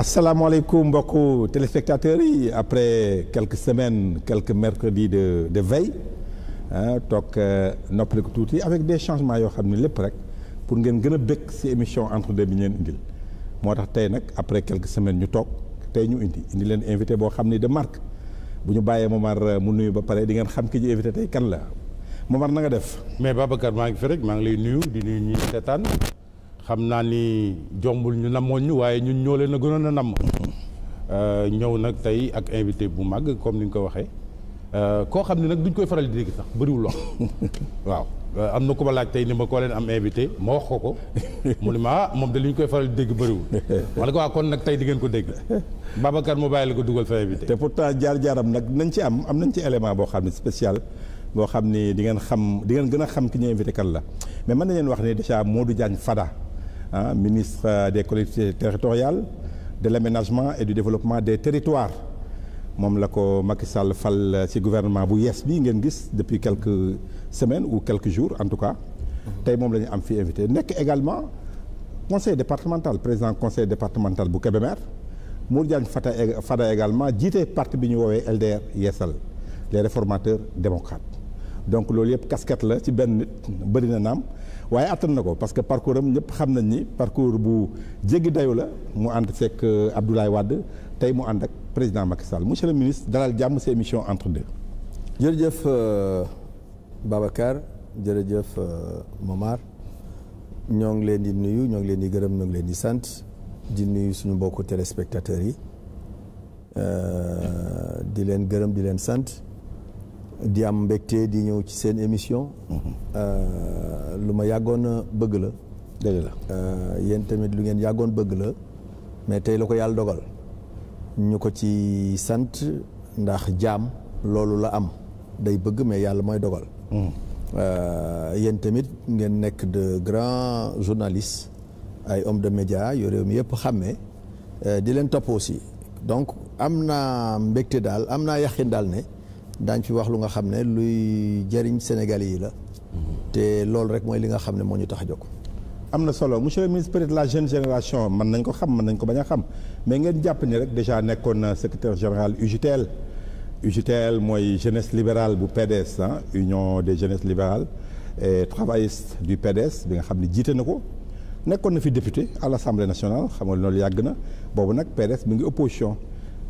asalaamaaleykum mbokku téléspectateurs yi après quelques semaine quelques mercredis de de veille toog euh, noppali ko tuuti avec de changements yoo xam ne lépp rek pour ngeen gën a bëgg ci émission entre deux bi ngeen moo tax tey nag après quelques semaines ñu toog tey ñu indi indi leen invité boo xam ni de marque bu ñu bàyyee Momar euh, mu nuyu ba pare di ngeen xam ki ñu invité tey kan la Momar na nga def. mais Babacar maa ngi fi rek maa ngi lay nuyu di nuyu ñi seetaan. xam naa ni jombul ñu namoon ñu waaye ñun ñoo leen a gënoon a namm. Euh, ñëw nag tey ak invité bu mag comme ni nga ko waxee. Euh, koo xam ne nag duñ koy faral di dégg sax bëriwul waaw euh, am na ko ma laaj tey ni ma koo leen am invité ma wax ko ko mu ne ma ah moom de lu ñu koy faral di dégg bëriwul ma ne ko waa ah, kon nag tey di ngeen ko dégg Babacar mu bàyyi la ko dugal fa invité te pourtant jaar-jaaram nag nañ ci am am nañ ci élément boo xam ne spécial boo xam ni di ngeen xam di ngeen gën a xam ki ñu invité kan la mais mën nañ leen wax ne dèjà Modou Diagne Fada ah ministre des collectivités territoriales de l'aménagement et du développement des territoires moom la ko Macky Sall fal ci gouvernement bu yees bi ngeen gis depuis quelque semaine ou quelques jours en tout cas tey moom la ñu am fi invité nekk également conseil départemental président conseil départemental bu Kébémer mu Diagne Fada e, Fada également jiite parti bi ñu woowee LDR Yeesal les réformateur démocrates donc loolu yëpp casquette la ci benn nit bëri na naam waaye attan na ko parce que parcours am ñëpp xam nañ ni parcours bu jéggi dayu la mu ànd fekk euh, Abdoulaye Wade tey mu ànd ak président Macky Sall monsieur le ministre dalal jàmm sa émission entre deux. jërëjëf euh, Babacar jërëjëf euh, Momar ñoo ngi leen di nuyu ñoo ngi leen di gërëm ñoo ngi leen di sant di nuyu suñu mbokku téléspectateurs yi di leen gërëm di leen sant. di am mbégte di ñëw ci seen émission. Euh, lu ma yàggoon bëgg la. dëgg euh, yéen tamit lu ngeen yàggoon bëgg la mais tey la ko yàlla dogal ñu ko ci sant ndax jaam loolu la am day bëgg mais yàlla mooy dogal. Hmm. Euh, yéen tamit ngeen nekk de grands journalistes ay hommes de médias yu réew mi yëpp xàmmee di leen topp aussi donc am naa mbégte daal am naa yàqin daal ne. daañ fi wax lu nga xam ne luy jëriñ Sénégalais yi la te loolu rek mooy li nga xam ne moo ñu tax a jóg am na solo monsieur le ministre peut la jeune génération mën nañ ko xam mën nañ ko bañ a xam mais ngeen jàpp ni rek déjà nekkoon na secrétaire général UJTL UJTL mooy jeunesse libérale bu PDS ah union des jeunesses libérales et travaillistes du PDS bi nga xam ni jiite na ko nekkoon na fi député à l'Assemblée nationale xam nga loolu yàgg na boobu nag PDS mi ngi opposition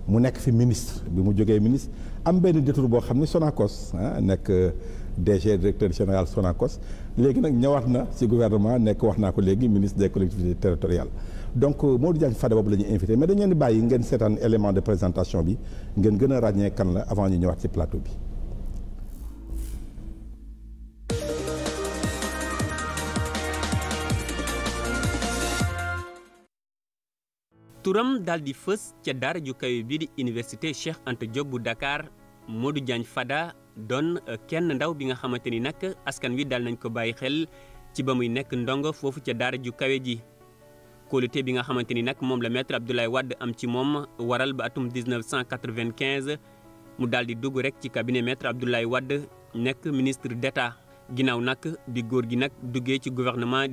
mu nekk fi ministre bi mu jógee ministre am benn détour boo xam ni Sonacos ah nekk euh, DG directeur général Sonacos léegi nag ñëwaat na ci gouvernement nekk wax naa ko léegi ministre des collectivités territoriales. donc euh, Modou Diagne Fada boobu la ñuy invité mais dañu leen di bàyyi ngeen seetaan élément de présentation bi ngeen gën a ràññee kan la avant ñu ñëwaat ci plateau bi. turam daal di fës ca daara ju kawe bi di université Cheikh Anta Diop bu Dakar Modou Diagne Fada doon eh, kenn ndaw bi nga xamante ni nag askan wi daal nañ ko bàyyi xel ci ba muy nekk ndongo foofu ca daara ju kawe ji. kóolute bi nga xamante ni nag moom la maître Abdoulaye wadd am ci moom waral ba atum 1995 mu daal di dugg rek ci cabinet maître Abdoulaye wadd nekk ministre d'état ginnaaw nag bi góor gi nag duggee ci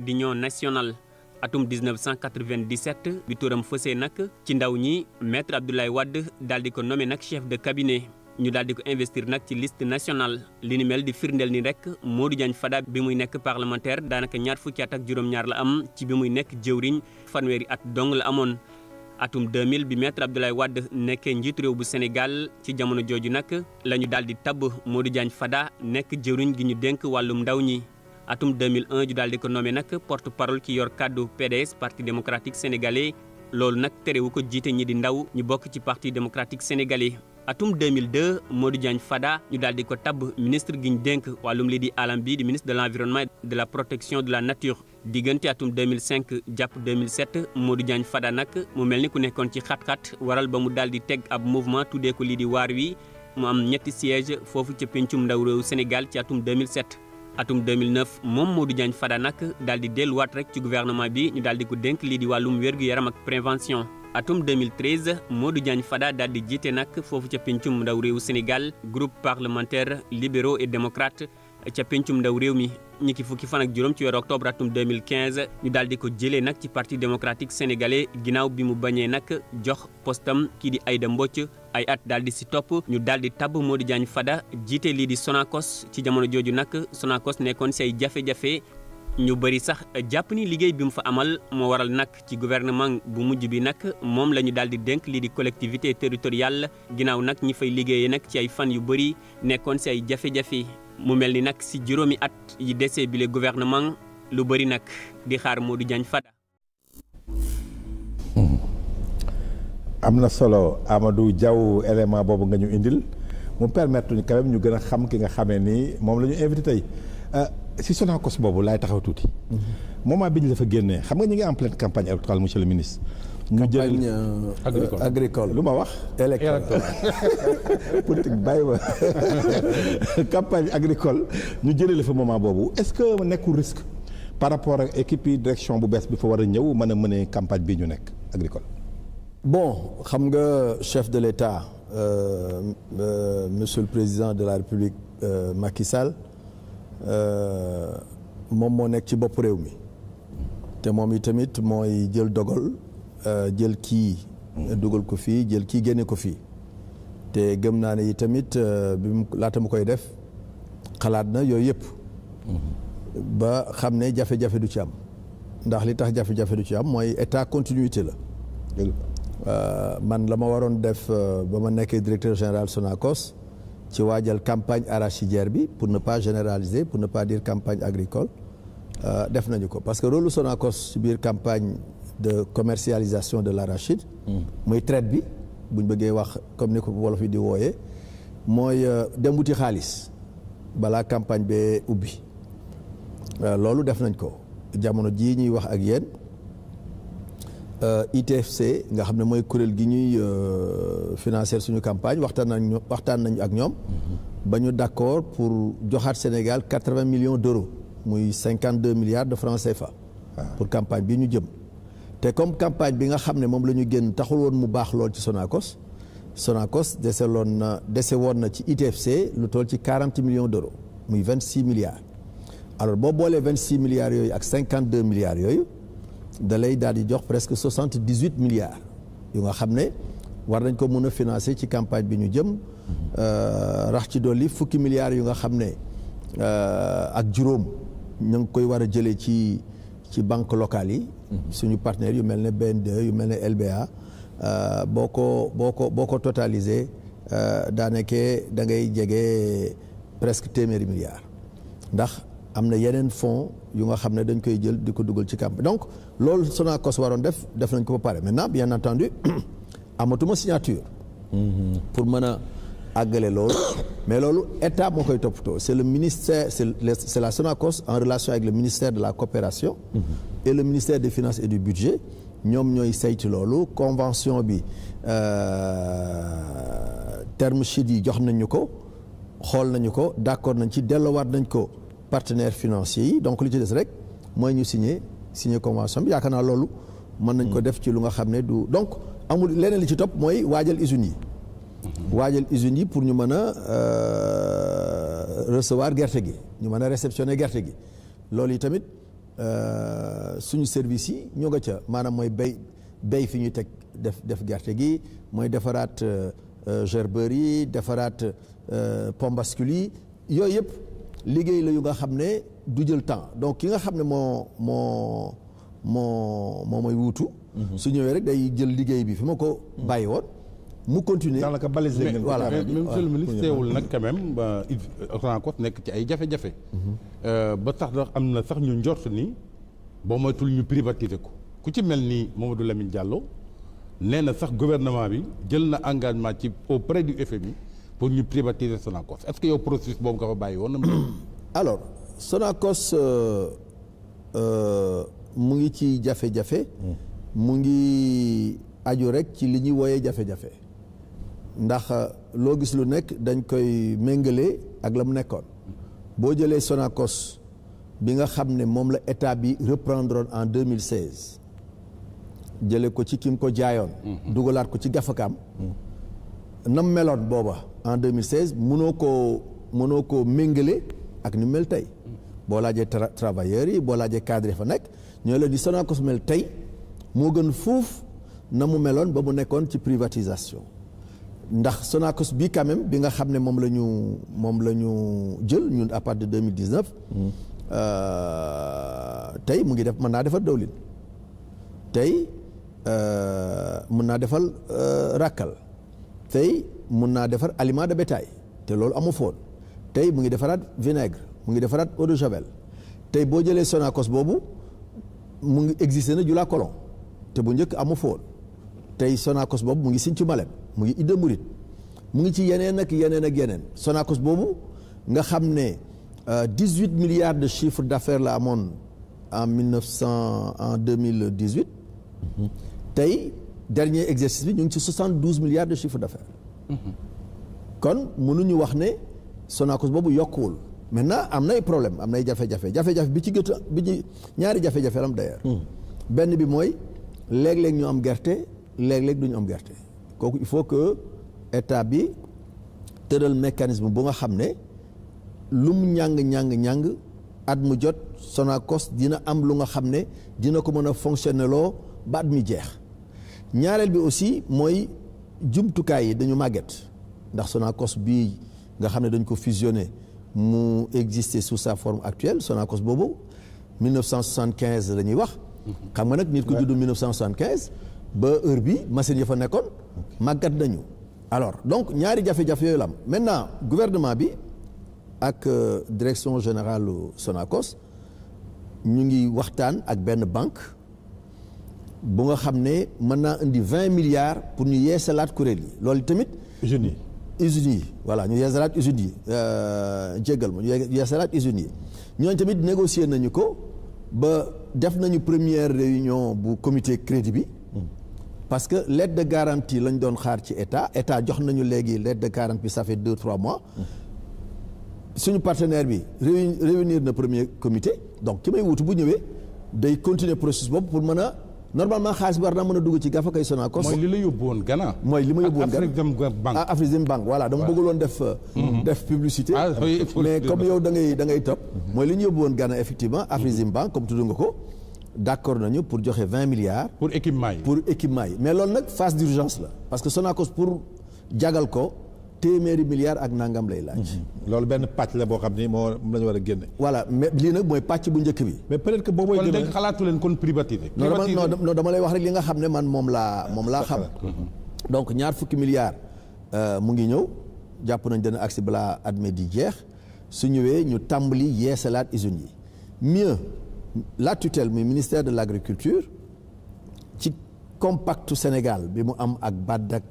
di ñoo nationale. atum 1997 bi turam fësee nag ci ndaw ñi maître Abdoulaye Wade daal di ko nommé nag ceef de cabinet ñu daal di ko investir nag ci liste nationale li ni mel di firndeel ni rek Modou Diagne Fada bi muy nekk parlementaire daanaka ñaar fukki at ak juróom-ñaar la am ci bi muy nekk jëwriñ fanweeri at dong la amoon. atum 2000 bi maître Abdoulaye wadd nekkee njiit réew bu Sénégal ci jamono jooju nag la ñu daal di tabb Modou Diagne Fada nekk jëwriñ gi ñu dénk wàllum ndaw ñi. atum 2001 ju daal di ko nommé nag porte parole ki yor kàddu PDS parti démocratique sénégalais loolu nag wu ko jiite ñi di ndaw ñu bokk ci parti démocratique sénégalais. atum moo Modou Diagne Fada ñu daal di ko tabb ministre gi ñu dénk wàllum lii di alam bi di ministre de l' environnement de la protection de la nature diggante atum 2005 jàpp moo Modou Diagne Fada nag mu mel ni ku nekkoon ci xat-xat waral ba mu daal di teg ab mouvement tuddee ko lii di waar wi mu am ñetti siège foofu ca pencum ndaw réewu Sénégal ci atum 2007. atum 2009 moom Modou Diagne Fada nag daal di delluwaat rek ci gouvernement bi ñu daal di ko dénk lii di wàllum wér-gu-yaram ak prévention atum moo Modou Diagne Fada daal di jiite nag foofu ca pencum ndaw réewu Sénégal groupe parlementaire libéraux et démocrates ca pencum ndaw réew mi ñi ki fukki fan ak juróom ci weeru octobre atum 2015 ñu daal di ko jëlee nag ci parti démocratique sénégalais ginnaaw bi mu bañee nag jox postam kii di Aïda Mbocc ay at daal di si topp ñu daal di tabb Modou Diagne Fada jiite lii di sonakos ci jamono jooju nag Sonacos nekkoon say jafe-jafe ñu bëri sax jàpp ni liggéey bi mu fa amal moo waral nag ci gouvernement bu mujj bi nag moom la ñu daal di dénk lii di collectivité territoriale ginnaaw nag ñi fay liggéeyee nag ci ay fan yu bëri nekkoon si ay jafe mu mel ni nag si juróomi at yi dese bile gouvernement lu bëri nag di xaar Modou Diagne Fada. Hmm. am na solo Amadou Diaw élément boobu nga ñu indil mu permettre ñu quand ñu gën a xam ki nga xamee ni moom la ñu invité tey euh, si Sonacos boobu laay taxaw tuuti. Mm-hmm. moment bi ñu la fa génnee xam nga ñu ngi en pleine campagne électorale monsieur le ministre. ñu jël euh, agricole agricole lu ma wax. électoral politique bàyyi ma campagne agricole ñu jëlee la fa moment boobu est-ce que nekkul risque par rapport ak équipe yi direction bu bees bi fa war a ñëw mën a mënee campagne bi ñu nekk agricole. bon xam nga chef de l'État euh, euh, monsieur le président de la République euh, Macky Sall euh, moom moo nekk ci bopp réew mi te moom itamit mooy jël dogal. Euh, jël kii dugal ko fii jël kii génne ko fii te gëm naa ne yi tamit euh, bi mu laata mu koy def xalaat na yooyu yëpp ba xam ne jafe-jafe du ci am ndax li tax jafe-jafe du ci am mooy état continuité la euh, man la ma waroon def ba ma nekkee directeur général Sonacos ci waajal campagne arachidière bi pour ne pas généraliser pour ne pas dire campagne agricole def nañu ko parce que rôle Sonacos ci biir campagne de commercialisation de la l'arachide muy traite bi bu buñ bëggee wax comme ni ko wolof yi di wooyee mooy euh, dem buti xaalis balaa campagne bee ubbi euh, loolu def nañ ko jamono jii ñuy wax ak yéen euh, ITFC nga xam ne mooy kuréel gi ñuy financer suñu campagne waxtaan nañ waxtaan nañu ak ñoom mm-hmm. ba ñu d'accord pour joxaat Sénégal quatre-vingts millions d'euros muy cinquante-deux milliards de francs CFA ah. pour campagne bi ñu jëm te comme campagne bi nga xam ne moom la ñu génn taxul woon mu baax lool ci Sonacos Sonacos dese loon na dese woon na ci ITFC lu tool ci million millions d'euros muy 26 milliards alors boo boolee 26 milliards yooyu ak 52 milliards yooyu da lay daal di jox presque 78 milliards yu nga xam ne war nañ ko mun a financer ci campagne bi ñu jëm euh, rax ci dolli fukki milliards yu nga xam ne euh, ak juróom ñu ngi koy war a jëlee ci. ci banque locale yi mhm. suñu partenaires yu mel ne BNDE yu mel ne LBA euh, boo ko boo ko boo ko totalisé euh, daanaka da ngay jege presque téeméeri milliards ndax am na yeneen fonds yu nga xam ne dañ koy jël di ko dugal ci camp donc loolu Sonacos waroon def def nañ ko ba pare maintenant bien entendu amatuma signature mhm. pour mën àggale loolu mais loolu état moo koy toppatoo c' est le ministère c' est, le, la Sonacos en relation avec le ministère de la coopération mm -hmm. et le ministère des finances et du budget ñoom ñooy saytu loolu convention bi euh, terme sheet yi jox nañu ko xool nañu ko d' accord nañ ci dellowaat nañ ko partenaires financiers yi donc li ci des rek mooy ñu signer signer convention bi yaakaar naa loolu mën nañ ko mm-hmm. def ci lu nga xam ne du donc amul leneen li ci topp mooy waajal usines yi waajal usines yi pour ñu mën a euh, recevoir gerte gi ñu mën a réceptionner gerte gi loolu yi tamit euh, suñu service yi ñoo nga ca maanaam mooy bay bay fi ñu teg def def gerte gi mooy defaraat euh, gerbeur yi defaraat pont bascule yi yooyu yëpp liggéey la yu nga xam ne du jël temps donc ki nga xam ne moo moo moo moo mooy wuutu mhm. su ñëwee rek day jël liggéey bi fi ma ko mhm. bàyyi woon mu continuer daanaka balisé ngeen voilà mais monsieur le ministre teewul nag quand même Sonacos nekk ci ay jafe-jafe. Euh, ba tax na am na sax ñu njort nii boo moytul ñu privatiser ko ku ci mel ni Mamadou Lamine Diallo nee na sax gouvernement bi jël na engagement ci auprès du FMI pour ñu privatiser Sonacos est-ce que yow processus boobu nga fa bàyyi woon. alors Sonacos euh, euh, mu ngi ci jafe-jafe. Hmm. mu ngi aju rek ci li ñuy wooyee jafe-jafe. ndax euh, loo gis lu nekk dañ koy méngale ak la mu nekkoon boo jëlee Sonacos bi nga xam ne moom la état bi reprendre en 2016 jële ko ci kim ko jaayoon mm-hmm. dugalaat ko ci gafakaam mu meloon booba en 2016 mënoo koo mënoo ko méngale ak ni mel tey boo laajee travailleurs yi boo laajee cadre fa nekk ñoo la di Sonacos mel tey moo gën fuuf na mu meloon ba mu nekkoon ci privatisation ndax Sonacos bi quand bi nga xam ne moom la ñu moom la ñu jël ñun à de deux mille dix neuf. Euh, tey mu ngi def mën naa defar dawlin tey euh, mën naa defal euh, ràkkal tey mun naa defar aliment de bétail te loolu amu foon tey mu ngi defaraat vinaigre mu ngi defaraat eau de javel tey boo jëlee Sonacos boobu mu ngi existé na Jula Colon te bu njëkk amu foon tey Sonacos boobu mu ngi siñ ci Malem mu ngi Ida Mouride mu ngi ci yeneen ak yeneen ak Sonacos boobu nga xam ne euh, dix huit milliards de chiffre d'affaires la amoon en mille neuf cent en deux mille dix huit tey dernier exercice bi ñu ngi ci soixante douze milliards de chiffre d'affaires kon mënuñu wax ne Sonacos boobu yokkuwul maintenant am nay problème am nay jafe-jafe jafe-jafe bi ci gëtt bi ci ñaari jafe-jafe la am hmm. benn bi mooy léeg-léeg ñu am gerte léeg-léeg du am gerte kooku il faut que état bi tëral mécanisme bu nga xam ne lu mu ñàng ñàng ñàng at mu jot Sonacos dina am lu nga xam ne dina ko mën a fonctionner loo ba at mi jeex ñaareel bi aussi mooy jumtukaay yi dañu màgget ndax Sonacos bii nga xam ne dañ ko fusionné mu exister sous sa forme actuelle Sonacos boobu 1975 la ñuy wax. Mhm. xam nga nag nit ku juddu 1975. ba heure bi machine ya fa nekkoon màggat nañu alors donc ñaari jafe-jafe yooyu la am maintenant gouvernement bi ak euh, direction générale Sonacos ñu ngi waxtaan ak benn banque bu nga xam ne mën naa indi vingt milliards pour ñu yeesalaat kuréel yi loolu tamit usines yi usines yi voilà ñu yeesalaat usines yi euh, jéggal ma ñu yeesalaat usines yi ñooñu tamit négocier nañu ko ba def nañu première réunion bu comité crédit bi parce que lettre de garantie lañ doon xaar ci état état jox nañu léegi lettre de garantie bi ça fait deux trois mois suñu partenaire bi réunir na premier comité donc ki may wutu bu ñëwee day continuer processus boobu pour mën a normalement xaalis bi war naa mën a dugg ci gafa kay Sonacos. mooy li la yóbbuwoon Ghana. mooy li ma Bank ah, voilà dama bëggoon def. Euh, mhm. def publicité. Ah, mais comme yow da ngay da ngay topp. Mhm. mooy li ñu yóbbuwoon Ghana effectivement Afrexim Bank comme tudd nga ko. d' accord nañu pour joxe vingt milliards. pour équipement yi pour équipement yi mais loolu nag phase d' urgence la parce que Sonacos pour jagal ko téeméeri milliards ak nangam lay laaj. Mhm. loolu benn pàcc la boo xam ni moo la war a génne. voilà mais lii nag mooy pàcc bu njëkk bi. mais peut être que boobu kon dañ leen kon privatiser. privatiser non non dama lay wax rek li nga xam ne man moom laa ah, moom laa xam. Mhm. donc ñaar fukki milliards euh, mu ngi ñëw jàpp nañ dana agsi balaa at mi di jeex su ñëwee ñu tàmbali yeesalaat usines yi mieux. la tutelle muy ministère de l' agriculture ci compactu Sénégal bi mu am ak BAD ak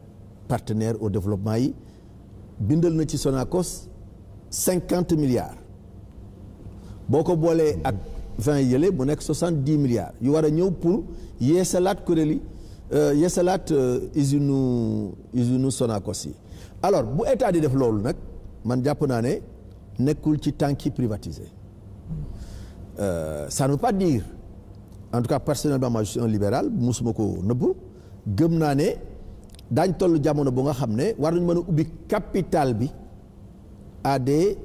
partenaire au développement yi bindal na ci Sonacos cinquante milliards boo ko boolee ak vingt yële mu nekk soixante dix milliards yu war a ñëw pour yeesalaat kuréel yi euh, yeesalaat euh, usinu usinu Sonacos yi alors bu état di def loolu nag man jàpp naa ne nekkul ci tànki privatisé euh, ça ne veut pas dire en tout cas personnellement moi je suis un libéral musuma ko nëbb gëm naa ne daañ toll jamono bu nga xam ne war nañ mën a ubbi capital bi à des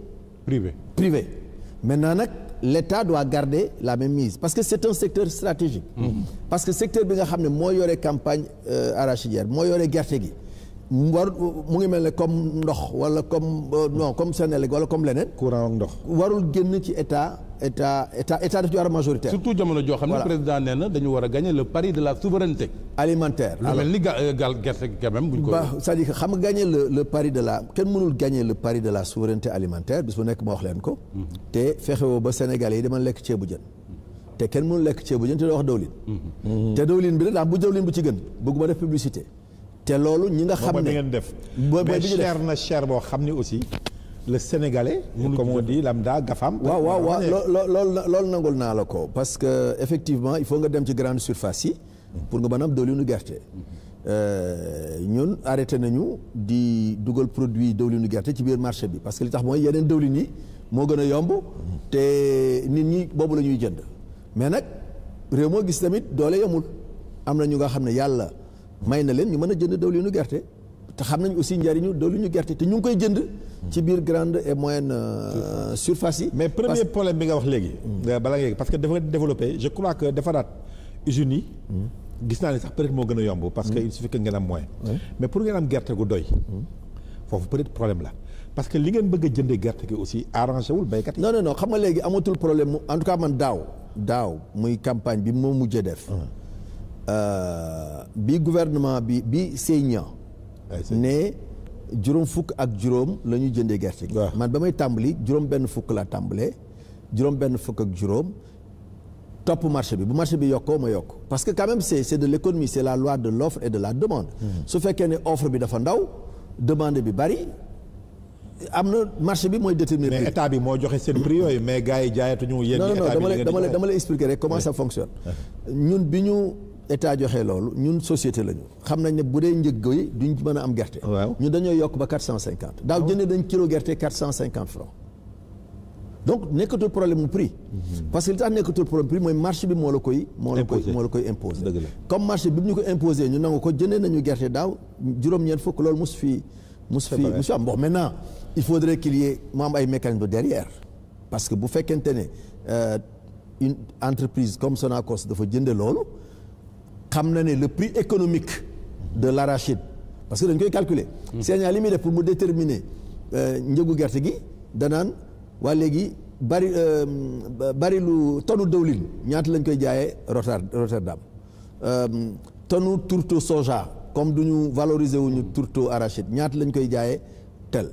privés privés maintenant nag l'État doit garde la même mise parce que c'est un secteur stratégique mm -hmm. parce que secteur bi nga xam ne moo yore campagne euh, arachidière moo yore gerte gi warul mu ngi mel ne comme ndox wala comme euh, non comme Sénélec wala comme leneen courant ak ndox warul génn ci état état état état daf ci war a majoritaire. surtout jamono joo xam ne président nee na dañu war a gagner le pari de la souveraineté. alimentaire lu mel euh, gerte gi quand même bu ñu ko. ba xam nga gagner le le pari de la kenn mënul gagner le pari de la souveraineté alimentaire bis bu nekk ma leen ko. Mhm. te fexewoo ba Sénégalais yi dama lekk ceebu jën. te kenn mënul lekk ceebu jën te doo wax dawlin. Mhm. te dawlin bi nag daa bu dawlin bu ci gën bëgguma def publicité. te loolu ñi nga xam ne ngeen def. mais cher na cher boo xam ne aussi. le sénégalais. comme on dit lambda gafam. waaw waaw waaw loolu loolu nangul naa la ko parce que effectivement il faut nga dem ci grande surface yi. pour nga mën a am diwlinu gerte. Euh, ñun arrêté nañu di dugal produit diwlinu gerte ci biir marché bi parce que li tax mooy yeneen diwlin yi moo gën a yomb. te nit ñi boobu la ñuy jënd. mais nag réew moo gis tamit doole yamul am na ñu nga xam ne yàlla may na leen ñu mën a jënd diwlinu gerte te xam nañ aussi njariñu diwlinu gerte te ñu ngi koy jënd. ci biir grande et moyenne euh, surface yi. mais premier problème bi nga wax léegi. Euh, bala nga parce que dafa développé je crois que defaraat usines yi. Hmm. gis naa ne sax peut moo gën a yomb. parce que hmm. il suffit que ngeen am moyen. mais pour ngeen am gerte gu doy. Hmm. foofu peut-être problème la. parce que li ngeen bëgg a jëndee gerte gi aussi arrangé wul béykat yi. non non xam nga léegi amatul problème mu en tout man daaw. daaw muy campagne bi mu moo mujjee def. Euh, bi gouvernement bi bi Seynia. juróom fukk ak juróom la ñuy jëndee gerte gi. man ba may tàmbali juróom benn fukk laa tàmbalee juróom benn fukk ak juróom topp marché bi bu marché bi yokkoo ma yokk parce que quand même c' est de l' économie la loi de l' offre et de la demande. Hmm. su fekkee ne offre bi dafa ndaw demande bi bari. am na marché bi mooy déterminer. mais état bi moo joxe seen prix yi mais gars yi jaayatuñu. ñu ñi état bi non non dama lay dama lay expliquer comment ça fonctionne. ñun bi ñu état joxe loolu ñun societé lañu xam nañ ne bu dee njëg yi duñ mën a am gerte. waaw ñun dañoo yokk ba quatre cent cinquante. daaw ah jëndee dañ kilo gerte quatre cent cinquante franc. donc nekkatul problème mu prix. Mhm. parce que li tax nekkatul problème prix mooy marché bi moo la koy. moo la koy moo la koy imposé. dëgg comme marché bi ñu ko imposé ñu nangu ko jëndee nañu gerte daaw juróom-ñeent fukk loolu mus fi. mus fi mus fi am bon maintenant il faudrait qu'il y ait am ay mécanisme derrière. parce que bu fekkente ne euh, une entreprise comme Sonacos dafa jënde loolu. xam na ne le prix économique de rachide parce que dañ koy calculer mm. CNA li muy def pour mu déterminer euh, njëgu gerte gi danaan waa léegi bari euh, bari lu tonu dëwlin ñaata lañ koy jaayee Rotterdam euh, tonu tourteau soja comme du ñu valoriser wuñu tourteau arachide ñaata lañ koy jaaye tel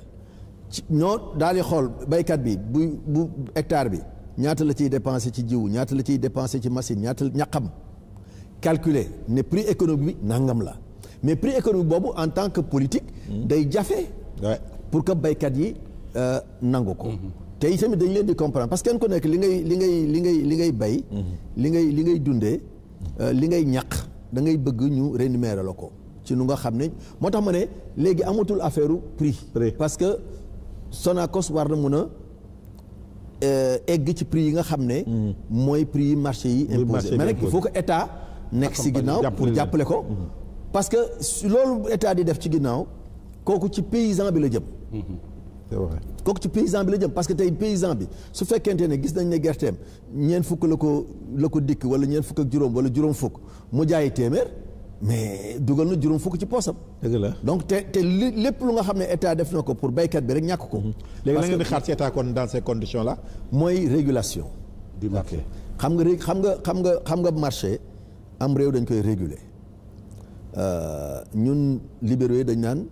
ci ñoo daal di xool baykat bi bu bu hectare bi ñaata la ciy dépensé ci jiw ñaata la ciy dépensé ci machine ñaata ñaqam calculer ne pris économique bi nangam la mais prix économique boobu en tant que politique. Hmm. day jafe. pour que baykat yi euh, nangu ko. Hmm. te itamit dañ leen di comprendre parce que kenn ko nekk li ngay li ngay li ngay li ngay bay. Hmm. li ngay li ngay dundee euh, li ngay ñaq dangay bëgg ñu rémunérer la ko. ci nu nga xam ne moo tax ma ne léegi amatul affaire prix. parce que Sonacos war na mun a euh, egg ci pris yi nga xam ne. mooy pris yi marché yi imposé mais nag il faut que état. nekk si ginnaaw pour jàppale ko mm-hmm. parce que loolu état di def ci ginnaaw kooku ci paysan bi la jëm mm-hmm. kooku ci paysan la jëm parce que tey paysan bi su fekkente ne gis nañ ne gerteem ñeent fukk la ko la ko dikk wala ñeent fukk ak juróom wala juróom fukk mu jaayi téeméer mais dugal na juróom fukk ci poosam. dëgg la donc te te lépp lu nga xam ne état def na ko pour béykat bi rek ñàkk ko. Mm-hmm. léegi la ngeen di xaar ci état kon mooy régulation. du xam nga ré xam nga xam nga xam nga marché. am réew dañ koy réguler euh, ñun libéraux yi dañ naan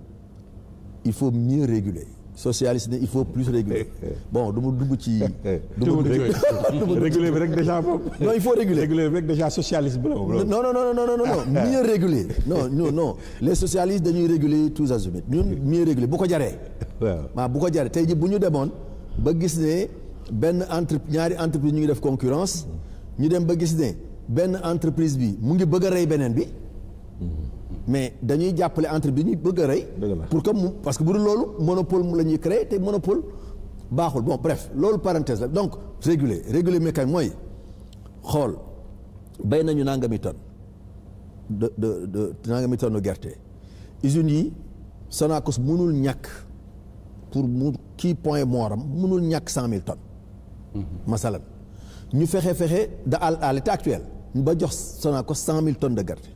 il faut mieux réguler socialiste ne il faut plus réguler bon du ma dugg ci. du ma dugg réguler bi rek déjà moom. non il faut réguler réguler bi rek déjà socialiste bu la. non non non non non non ah. mieux réguler les socialistes dañuy réguler tous azimuts ñun mieux réguler bu ko jaree. waaw bu ko jaree tey ji bu ñu demoon ba gis ne benn entre ñaari entreprise ñu ngi def concurrence ñu dem ba gis ne. benn entreprise bi mu ngi bëgg a rey beneen bi mais dañuy jàppale entre bi ñu bëgg a rey pour que mu parce que bu dul loolu monopole mu la ñuy créer te monopole baaxul bon bref loolu parenthèse la donc réguler réguler mécanique mooy xool bay nañu nangami tonne de de de nangami tonne gerte usines yi Sonacos mënul ñàkk pour mu kii point mooram mënul ñàkk cent mille tonnes mm-hmm. masalan ñu fexe fexe da à à l'état actuel ba jox Sonacos cent mille tonnes de gerte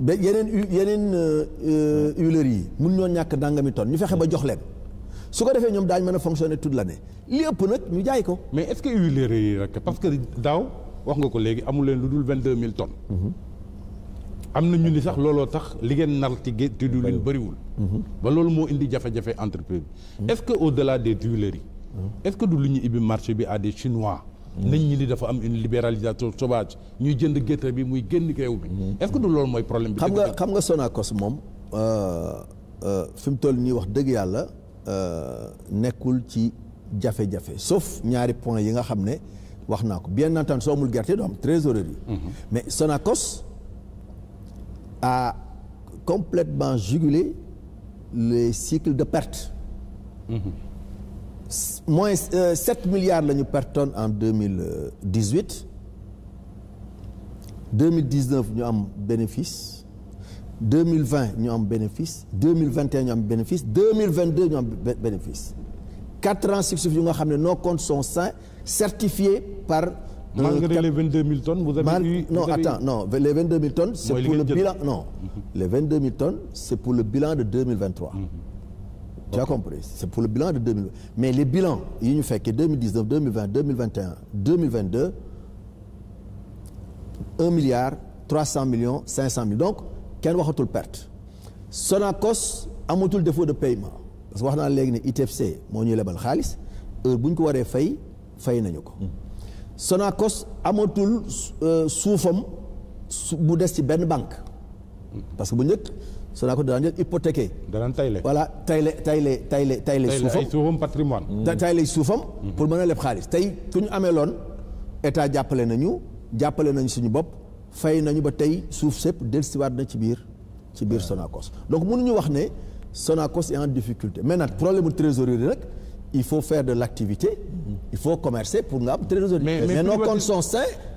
ba yeneen yeneen euh, euh, huileries yi mun ñoo ñàkk dàngami tonnes ñu fexe ba jox leen su ko defee ñoom daañ mën a fonctionner toute l'année li ëpp nag ñu jaay ko. mais est-ce que huileries yi rek parce que daaw wax nga ko léegi amu leen lu dul vingt deux mille tonnes. Mm-hmm. am na ñu ni sax looloo tax li ngeen nar ci gé te diwlin bëriwul. Mm-hmm. ba loolu moo indi jafe-jafe entreprise bi. Mm-hmm. est-ce que au est-ce que du lu ñu ibbi marché bi à des chinois. nit ñi li dafa am une libéralisation sauvage ñuy jënd gerte bi muy génn réew bi mm-hmm. est-ce que du loolu mooy problème bi. xam nga xam nga Sonacos moom euh, euh, fi mu toll ñuy wax dëgg yàlla euh, nekkul ci jafe-jafe sauf ñaari point yi nga xam ne wax naa ko bien entendu soo amul gerte doo am trésorerie yi mm-hmm. mais Sonacos a complètement jugulé les cycles de perte. Mm-hmm. moins euh, sept milliards la ñu pertoon en deux mille dix huit deux mille dix neuf ñu am bénéfice deux mille vingt ñu am bénéfice deux mille vingt et un ñu am bénéfice deux mille ñu am bénéfice quatre ans successifs yu nga xam ne nos comptes sont sains certifiés par. Euh, malgré euh, les vingt deux tonnes. mal, non vous non les tonnes. c'est pour le bilan non mhm. les tonnes c'est pour le bilan de tu okay. as c'est pour le bilan de 2000 mais les bilans yi ñu fekkee 2019 2020 2021 2022 1 milliard million millions 500 mille donc kenn waxatul perte Sonacos amatul défaut de payman parce que wax naa léegi ne ITFC moo ñuy lebal xaalis heure bu ñu ko waree fay fay nañu ko Sonacos amatul euh, suufam bu des ci benn banque parce que bu njëkk Sonacos da daan jël hypothéqué. da daan tayle voilà tayle tayle tayle tayle suufam ay suufam patrimoine. Hmm. tayle suufam. Hmm. pour mën a leb xaalis tey ku ñu amee loon état jàppale nañu jàppale nañu suñu bopp fay nañu ba tey suuf sépp dellusiwaat na ci biir ci biir hmm. Sonacos donc mënuñu wax ne Sonacos est en difficulté maintenant problème mu trésorerie rek. il faut faire de l'activité il faut commercer pour nga am trésorerie mais, mais, mais nos comptes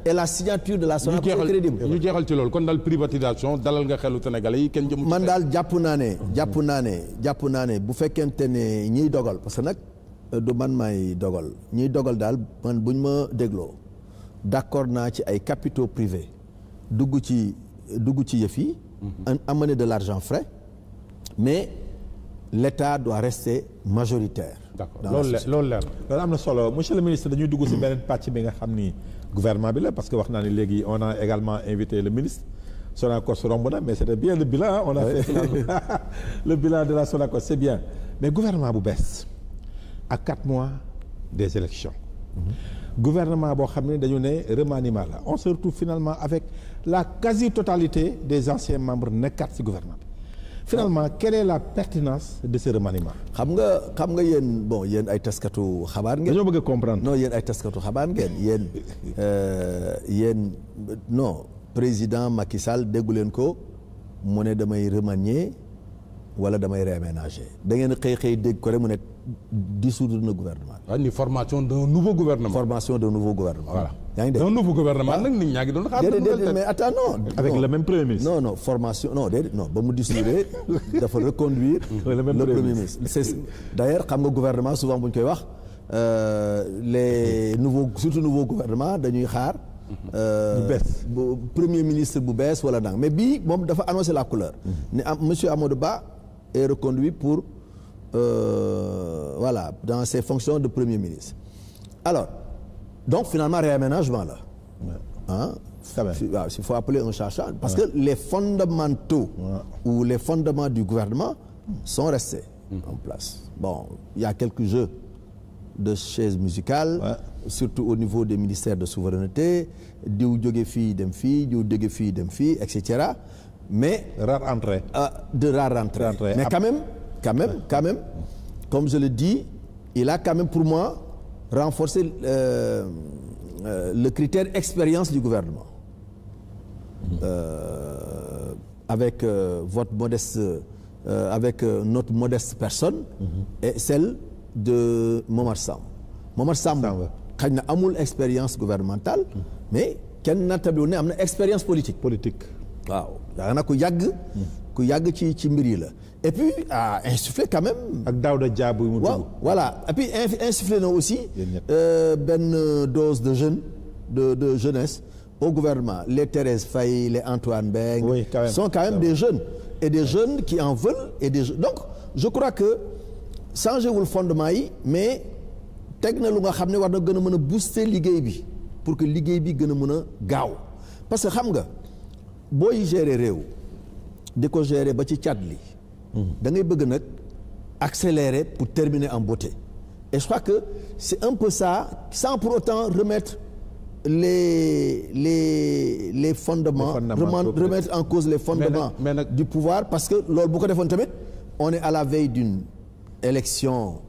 et la signature de la SONAC est crédible ñu jeexal ci loolu kon daal privatisation dalal nga xelu Sénégalais yi kenn jëmu man daal jàpp naa ne jàpp naa ne jàpp naa ne bu fekkente ne ñuy dogal parce que nag euh, du man maay dogal ñuy dogal daal man buñ ma dégloo d'accord naa ci ay capitaux privés dugg ci dugg ci yëf yi mhm. amener de l'argent frais mais l'État doit rester majoritaire d'accord loolu leer loolu am na solo monsieur le ministre dañuy dugg si beneen pàcc bi nga xam nii gouvernement bi la parce que wax naa ni léegi on a également invité le ministre Sonacos romb na mais c'était bien le bilan on a fait le bilan de la Sonacos c'est bien mais gouvernement bu bees à quatre mois des élections mhm. gouvernement boo xam ne dañu ne remaniement la on se finalement avec la quasi totalité des anciens membres nekkaat ci gouvernement finalement quelle la pertinence de ce remaniement. xam nga xam nga yéen bon yéen ay taskatu xabaar ngeen. dañoo bëgg a comprendre. non yéen ay taskatu xabaar ngeen yéen euh, yéen no président Macky Sall déggu leen ko mu ne damay remanier. wala damay réaménager da ngeen xëy xëy dégg ko rek mu ne dissoudre na gouvernement bi. waaw ah, formation de nouveau gouvernement. formation d'un nouveau gouvernement. voilà yaa ngi dégg d'un ngi doon xaar. déedéet mais attends non. avec le même premier ministre. non non formation non déedéet non ba mu dissoudre dafa reconduire. le premier ministre c'est d'ailleurs xam nga gouvernement souvent bu ñu koy wax euh, les nouveaux surtout nouveau gouvernement dañuy xaar. Euh, bu premier ministre bu bees wala nang mais bi moom dafa annoncé la couleur. Mm-hmm. ne am monsieur Amadou Ba. est reconduit pour euh, voilà dans ses fonctions de premier ministre donc finalement réaménagement là ah waaw il faut appeler un chat parce que les fondamentaux ouais. ou les fondements du gouvernement hmm. sont restés hmm. en place bon il y a quelques jeux de chaises musicales surtout au niveau des ministères de souveraineté diw jóge fii dem fii diw jóge fii dem fii et cetera mais rare entrée. Euh, de rare entrée. entrée. mais quand même quand même quand même comme je le dis il a quand même pour moi renforcé euh, euh, le critère expérience du gouvernement. Euh, avec euh, votre modeste euh, avec notre modeste personne. Mhm. et celle de Momar Samb. Momar Samb xëy na amul expérience gouvernementale. Mhm. mais kenn nattable ne am na expérience politique. politique waaw. yaa nag ku yàgg. ku yàgg ci ci mbir yi la et puis a insufflé quand même. ak Daouda Dia buy mu waaw voilà et puis insufflé na aussi. Euh, benn dose de jeunes de de jeunesse au gouvernement les Thérèse Faye les Antoine Beng. Oui, quand même sont des jeunes. et des jeunes qui en veulent et des donc je crois que changé wul fondement yi mais teg na lu nga xam ne war na gën a mën a booster liggéey bi pour que liggéey bi gën a mën a gaaw parce que xam nga. booy gérer réew di ko gérer ba ci cat li da ngay bëgg nag accélérer pour terminer en beauté et je crois que c'est un peu ça sans pour autant remettre les les les fondements, les fondements remettre en cause les fondements mais, mais, du pouvoir parce que loolu bu ko defoon tamit on est à la veille d'une élection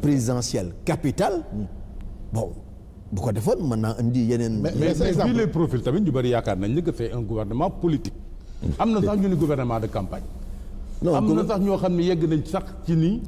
présidentielle capitale bon bu ko defoon mën naa indi yeneen. mais mais les profils tamit ñu bëri yaakaar nañ ne que c'est un gouvernement politique. am na sax ñu ni gouvernement de campagne. non na sax ñoo xam ne yegg nañ sax ci ni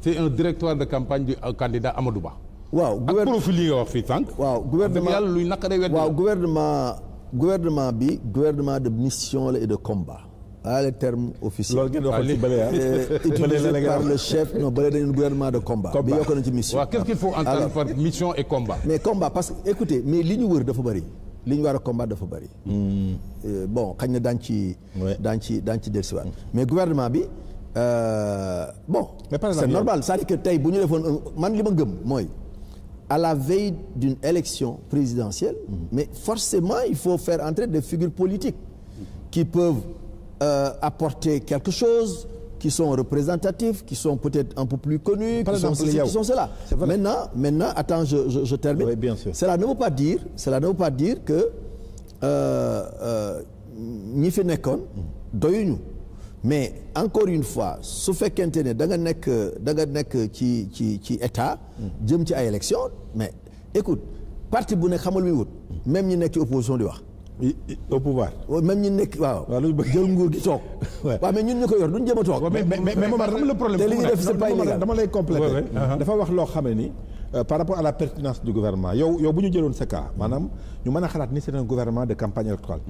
c'est un directoire de campagne du euh, candidat Amadou Ba. waaw gouver ak profil yi nga wax fii sànq. waaw gouvernement yàlla luy naqaree wedd. waaw gouvernement gouvernement bi gouvernement de mission la et de combat. à le terme officiel. loolu ngeen waxoon ci bële ah euh, utilisé par le chef non bële dañu gouvernement de combat. bi yokk na ci mission. combat. mais combat parce que écoutez mais li ñu wër dafa bëri. li ñu war a combat dafa bëri. Hmm. Euh, bon xañ na daan ci. daan ci daan ci dellusiwaat. mais gouvernement bi euh, bon. mais par exemple c'est normal cest dire que tey bu ñu defoon man li ma gëm mooy. à la veille d'une élection présidentielle. Hmm. mais forcément il faut faire entrer de figures politiques. qui peuvent. euh, apporter quelque chose qui sont représentatifs qui son peut-être un peu plus connus Par qui exemple, sont ceci, qui sont cela maintenant maintenant attends je je, je termine oui, bien sûr. cela ne veut pas dire que euh, euh, ñi fi nekkoon doyuñu mais encore une fois su fekkente ne da nga nekk da nga nekk ci ci ci état jëm ci ay élection mais écoute parti bu nekk xamal muy wut même ñi nekk ci opposition di wax au pouvoir. même ñi nekk waaw. waaw lu bëgg jël nguur gi toog. waaw mais ñun ñu ko yor duñ jëm a toog. mais mais mais Momar xam le problème. te li ñu def c'est pas illégal dama lay compléter. Ah, ah. dafa wax loo xam ne ni. Euh, par rapport à la pertinence du gouvernement yow yow bu ñu jëloon ce cas maanaam ñu mën a xalaat ni c'est un gouvernement de campagne électorale.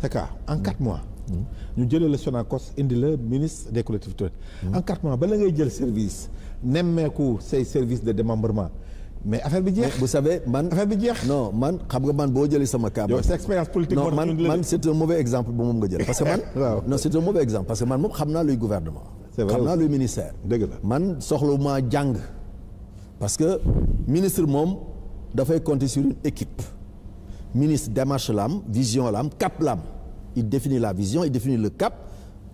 ce mm-hmm. cas en quatre mois. Mm-hmm. ñu jëlee la Sonacos indi la ministre des collectivités. Mm-hmm. en quatre mois ba la ngay jël service nemmeeku say service de démembrement. mais affaire bi jeex. vous man affaire bi non man xam nga man boo jëlee sama cas. yow sa expérience politique non man man c' est un mauvais exemple bu moom nga jël. parce que man non c' est un mauvais exemple parce que man moom xam naa luy gouvernement. c' naa luy ministère. man soxla maa jàng. parce que ministre moom dafay compter sur une équipe. ministre démarche la am vision la am la am il définit la vision il définit le cap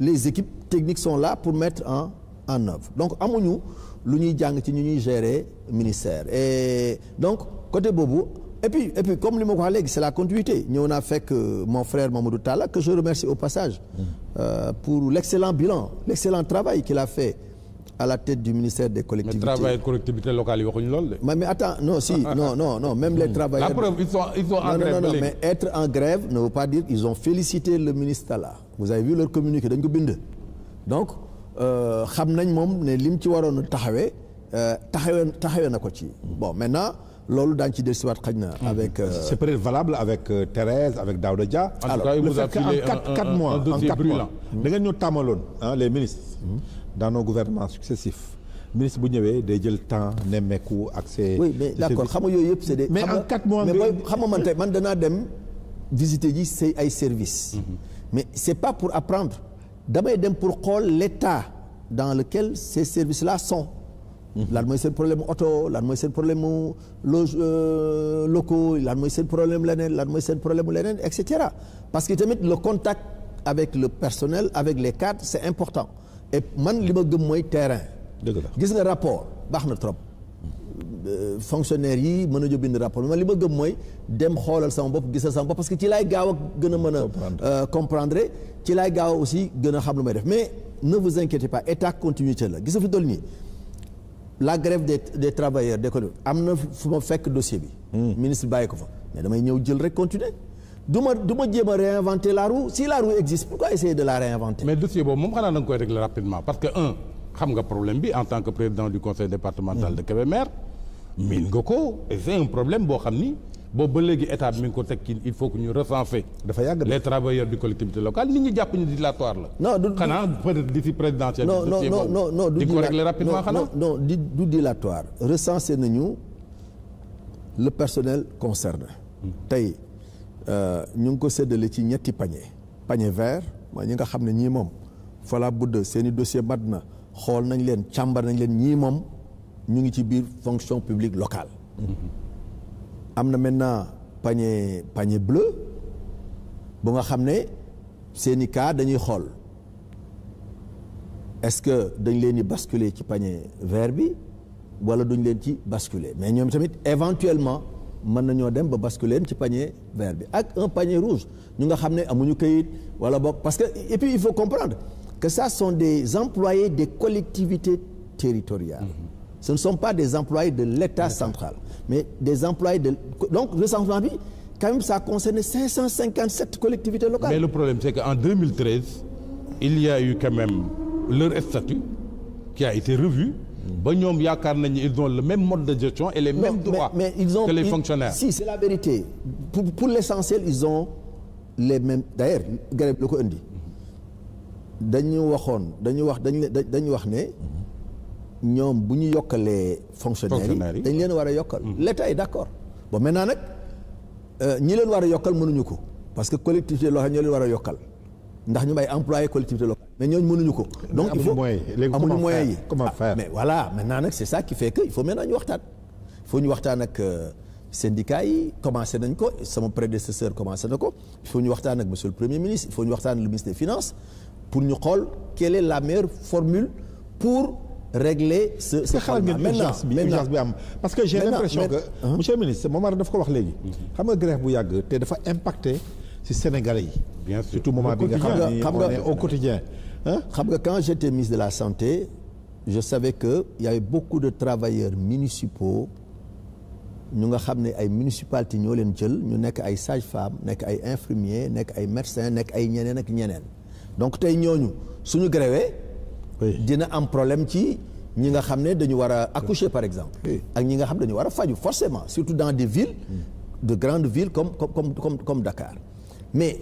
les équipes techniques sont la pour mettre en en œuvre donc amuñu. lu ñuy jàng ci ñu ñuy gérer ministère et donc côté boobu et puis et puis comme li ma ko wax c'est la continuité ñëw naa fekk euh, mon frère Mamadou Talla que je remercie au passage mm. euh, pour l'excellent bilan l'excellent travail qu'il a fait à la tête du ministère des collectivités mais travail collectivités locales yi waxuñu loolu de. mais mais attends non si non non même les mm. travailleurs. la preuve ils sont ils ont félicité le ministre Talla. vous avez vu leur communiqué dañ ko bind donc. Euh, xam nañ moom ne lim ci waroon taxawee euh, taxawee taxawee na ko ci bon maintenant loolu daañu ci dellusiwaat xaj na hmm. avec. Euh... valable avec euh, Thérèse avec Daouda Dia. en alors le fait qu'en quatre quatre mois en quatre mois. da ngeen ñu tàmmaloon ah les ministres. Hmm. dans nos gouvernements successifs. ministre bu ñëwee day jël temps nemmeeku ak ses. oui mais d'accord xam nga yooyu yëpp c'est des. mais en quatre mois mais xam nga man tey man danaa dem visiter ji say ay services. Hmm. mais c'est pas pour apprendre. damay dem pour xool l'état dans lequel ces services là sont mhm. lan mooy seen problème mu oto lan mooy seen problème mu loge euh, locaux lan mooy seen problème leneen lan mooy seen problème mu leneen et cetera parce que tamit le contact avec le personnel avec les cadres c'est important et man li ma gëm mooy terrain dëgg gis nga rapport baax na trop euh, fonctionnaire yi mën a jo bind rapport ma li ma gëm mooy dem xoolal sama bopp gisal sama bopp parce que ci laay gaaw a gën a mën a comprendre euh, ci laay gaaw aussi gën a xam lu may def mais ne vous inquiétez pas état continuité la gis nga fi dool nii la grève des des travailleurs des collectivités am na fu ma fekk dossier bi. Hmm. ministre bàyyi ko fa mais damay ñëw jël rek continuer du ma du ma jéem a la roue si la roue existe pourquoi essayer de la réinventer. mais dossier boobu moom xanaa da nga koy régler rapidement parce que un xam nga problème bi en tant que président du conseil départemental hmm. de Kébémer. miin nga ko et problème boo xam ni. boobu ba léegi état bi mi ngi ko teg ci il faut que ñu recenser. dafa yàgg les travailleurs du collectivité locale nit ñi jàpp ñu dilatoire la. non du xanaa peut-être d'ici présidentiel. non non non non du di ko régler rapidement xanaa. non du dilatoire recenser nañu le personnel concerné. Hmm. tey euh, ñu ngi ko séddale ci ñetti panier. panier vert mooy ñi nga xam ne ñii moom fala budd seen i dossier mat na xool nañ leen càmbar nañ leen ñii moom ñu ngi ci biir fonction publique locale. Hmm. am na maintenant panier panier bleu bu nga xam ne seeni cas dañuy xool est-ce que dañ leen ni basculer ci panier vert bi wala duñ leen ci basculer mais ñoom tamit éventuellement mën nañoo dem ba basculer ci panier vert bi ak un panier rouge ñu nga xam ne amuñu kayit wala bokk parce que et puis il faut comprendre que ça sont des employés des collectivités territoriales. Mm -hmm. ce ne sont pas des employés de l'État central. mais des employés de donc recensement bi quand même ça concerne 557 collectivités locales. mais le problème c'est qu'en 2013 il y a eu quand même leur statut qui a été revu. ba ñoom yaakaar nañu ils ont le même mode de gestion et les même mêmes droits mais, mais ils que les fonctionnaires. Ils, si c'est la vérité pour pour l'essentiel ils ont les mêmes d'ailleurs garab la ko indi dañu waxoon dañu wax dañu dañu wax ne. ñoom bu ñu yokkalee fonctionnaires yi dañ leen war a yokkal mm-hmm. l'État est d'accord bon maintenant nag euh, ñi leen war a yokkal mënuñu ko parce que collectivité locale ñoo leen war a yokkal ndax ñu may employé collectivité locale mais ñooñu mënuñu ko donc il faut amuñu moyens yi comment ah, faire mais voilà maintenant nag c'est ça qui fait que il faut maintenant ñu waxtaan il faut ñu waxtaan ak euh, syndicats yi commencé nañ ko sama prédécesseur commencé na ko il ñu waxtaan ak monsieur le premier ministre il faut ñu waxtaan ak pour ñu xool quelle est la meilleure formule pour réglé ce ce problème maintenant urgence bi am parce que j'ai l'impression que monsieur ministre Momar daf ko wax léegi mhm. xam nga grève bu yàgg te dafa impacté ci Sénégalais yi bien surtout moment bi nga xam nga au quotidien xam nga quand j'étais de la santé je savais que y avait beaucoup de travailleurs municipaux ñu nga xam ne ay municipalité ñoo leen jël ñu nekk ay sage-femme nekk ay infirmier nekk ay médecin nekk ay ñeneen ak ñeneen donc tey ñooñu suñu gréwee dina am problème ci ñi nga xam ne dañu war a accoucher par exemple ak ñi nga xam ne dañu war faju forcément surtout dans des villes mm. de grande villes comme comme comme comme Dakar mais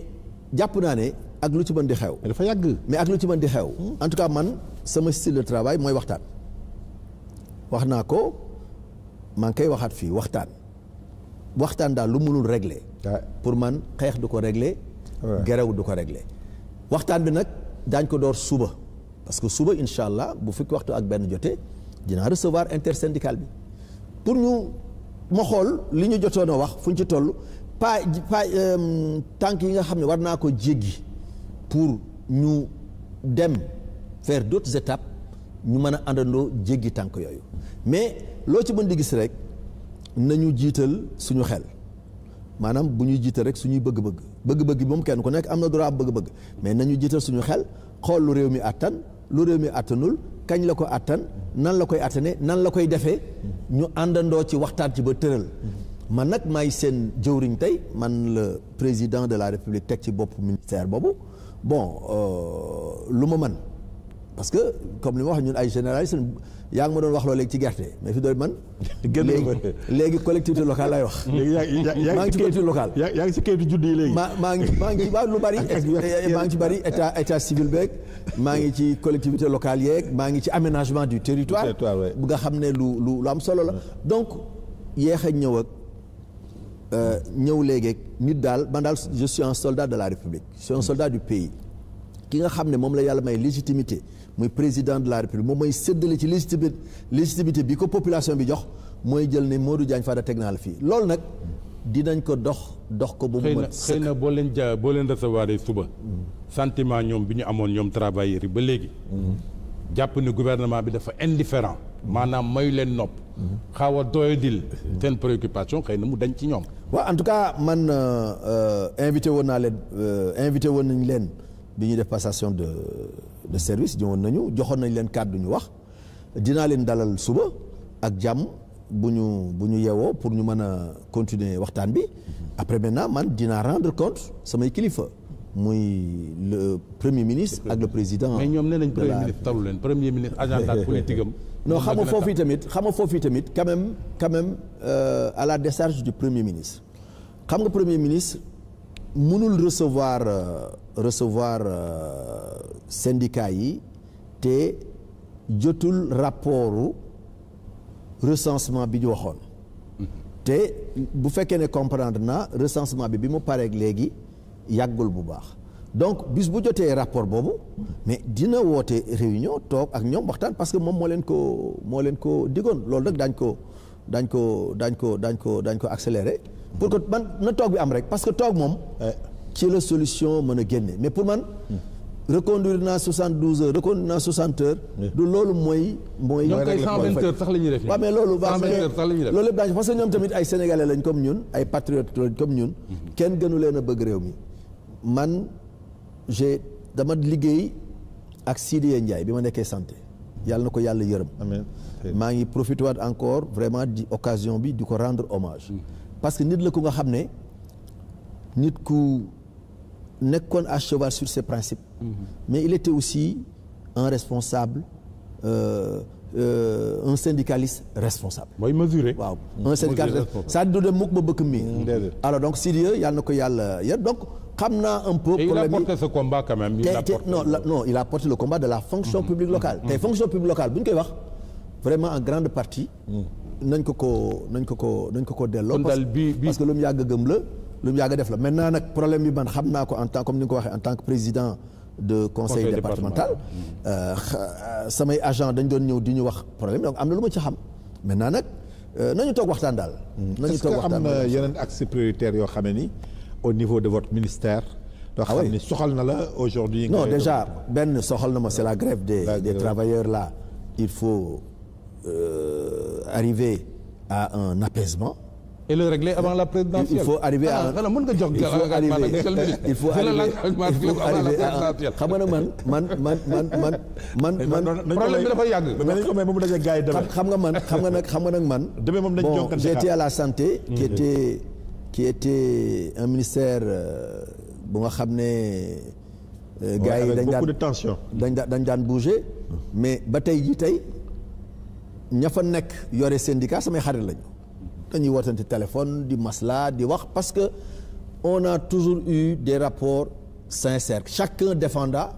jàpp naa ne ak lu ci mën di xew dafa yàgg mais ak lu ci mën di xew mm. en tout cas man sama style de travail mooy waxtaan wax naa ko maa ngi koy waxaat fii waxtaan waxtaan daal lu mënul régler pour man xeex du ko régler gerew du ko régler waxtaan bi nag daañ ko door suba parce que suba incha allah bu fukki waxtu ak benn jotee dina recevoir intersyndical bi pour ñu ma xool li ñu jotoo na wax fu ñu ci toll pa paa euh, tànk yi nga xam ne war naa ko jéggi pour ñu dem fair d'autres étapes ñu mën a àndandoo jéggi tànk yooyu mais loo ci mën di gis rek na nañu jiital suñu xel maanaam bu ñuy jiital rek suñuy bëgg-bëgg bëgg-bëgg bi moom kenn ku nekk am na droit am bëgg-bëgg mais na ñu jiital suñu xel xool lu réew mi àttan lu réew mi àttanul kañ la ko àttan nan la koy àttane nan la koy defee ñu àndandoo ci waxtaan ci ba tëral man nag maay seen jëwriñ tey man la président de la république teg ci bopp ministère boobu bon euh, lu ma mën parce que comme li ma wax ñun ay généraliste yaa ngi ma doon wax loolu léegi ci gerte mais fi doon man. léegi collectivité local lay wax. maa ngi ci collectivité locale. yaa ngi ci maa ngi maa ngi ci lu bari. maa ngi ci bari état état civil beeg. maa ngi ci collectivité locale yeeg maa ngi ci aménagement du territoire. bu nga xam ne lu lu lu am solo la. donc yéex a ñëw ak euh, ñëw léegi nit daal man daal je suis un soldat de la république. je suis un soldat du pays. ki nga xam ne moom la yàlla may légitimité. muy président de la république moom mooy séddale ci légitimité légitimité bi ko population bi jox mooy jël ne Modou Diagne Fada teg naa la fii loolu nag dinañ ko dox dox ko. bu mu mën xëy na boo leen ja boo leen recevoir suba. Mm-hmm. sentiment ñoom bi ñu amoon ñoom travailleurs yi ba léegi. Mm-hmm. jàpp ne gouvernement bi dafa indifférent mm-hmm. maanaam mayu leen nopp. xawa a doyadil seen préoccupation xëy na mu dañ ci ñoom. waaw en tout cas man euh, euh, invité woon naa leen euh, invité woon nañ leen bi ñuy def passation de. de service ñëwoon nañu joxoon nañ leen kàddu ñu wax dinaa leen dalal suba ak jàmm bu ñu bu ñu yeewoo pour ñu mën a continuer waxtaan bi après maintenant man dinaa rendre compte samay kilifa muy le premier ministre ak le président. mais ñoom nee nañ premier ministre leen premier ministre agenda politique am. non xam nga foofu tamit xam nga foofu tamit quand même quand euh, à la décharge du premier ministre. xam nga premier ministre mënul recevoir. Euh, recevoir euh, syndicat yi te jotul rapportu recensement bi ñu waxoon te bu fekkee ne comprendre na recensement bi bi mu pareek léegi yàggul bu baax donc bis bu jotee rapport boobu mais dina woote réunion toog ak ñoom waxtaan parce que moom moo leen ko moo leen ko digoon loolu nag daañ ko dañ ko dañ ko dañ ko dañ ko accéléré pour que man na toog bi am rek parce que toog moom euh, ci la solution mën a génne mais pour man. Hmm. reconduire naa soixante douze heures reconduire naa soixante heures. du loolu mooy. mooy ñoom kay cent vingt la ñuy def. waaw mais loolu. cent vingt heures la ñuy def loolu yëpp parce que ñoom tamit ay sénégalais lañ comme ñun ay patriotes lañ comme ñun. Hmm. kenn gënu leen bëgg réew mi. man j'ai dama liggéey ak Sidiyee Ndiaye bi ma nekkee santé. yàlla na ko yàlla yërëm. amiin maa ngi profité waat encore vraiment di occasion bi di ko rendre hommage. Hmm. parce que nit la ko nga xam ne nit ku. nekkoon à cheval sur ses principes. Mhm. mais il était aussi un responsable euh, euh, un syndicaliste responsable. mooy mesuré. waaw un syndicaliste ça du dem mukk ba bëkk mi. Mm, alors donc sérieux yàlla na ko yàlla yar donc. xam naa un peu. problème il a porté ce combat quand même. non non il a porté le combat de la fonction mm-hmm. publique locale. Mm-hmm. tey fonction publique locale bu ñu koy vraiment en grande partie. Mm. nañ ko ko nañ ko ko nañ ko ko delloo. parce que lu mu yàgg gëm la. lu mu yàgg def la maintenant nag problème bi man xam naa ko en tant comme ni nga ko waxee en tant que président de conseil, conseil départemental euh, samay agent dañ doon ñëw di ñu wax problème donc am na lu ma ci xam maintenant nag euh, nañu toog waxtaan daal hmm. nañu toog waxtaan est-ce yeneen axes prioritaires yoo xam ne ni au niveau de votre ministère doo ah ni soxal na la aujourd'hui non déjà benn soxal na ma c'est la grève des des travailleurs là il faut euh, arriver à un apaisement et le régler avant la présidentielle. il faut arriver à ah mën nga jox. il xam nga ne man man man man man man man. problème bi dafa yàgg. mais moom daje gars yi demee. xam nga man xam nga nag xam nga nag man. demee moom dañu jokkante bon j'étais à la santé. qui mhm. euh, bu nga xam ne. Euh, gars yi dañ daan beaucoup de tension. dañ daan dañ daan bouger mhm. mais ba tey jii tey ña fa nekk yore syndicat samay xarit lañu. dañuy wootante téléphone di masla di wax parce que on a toujours eu des rapports sincères chacun défendant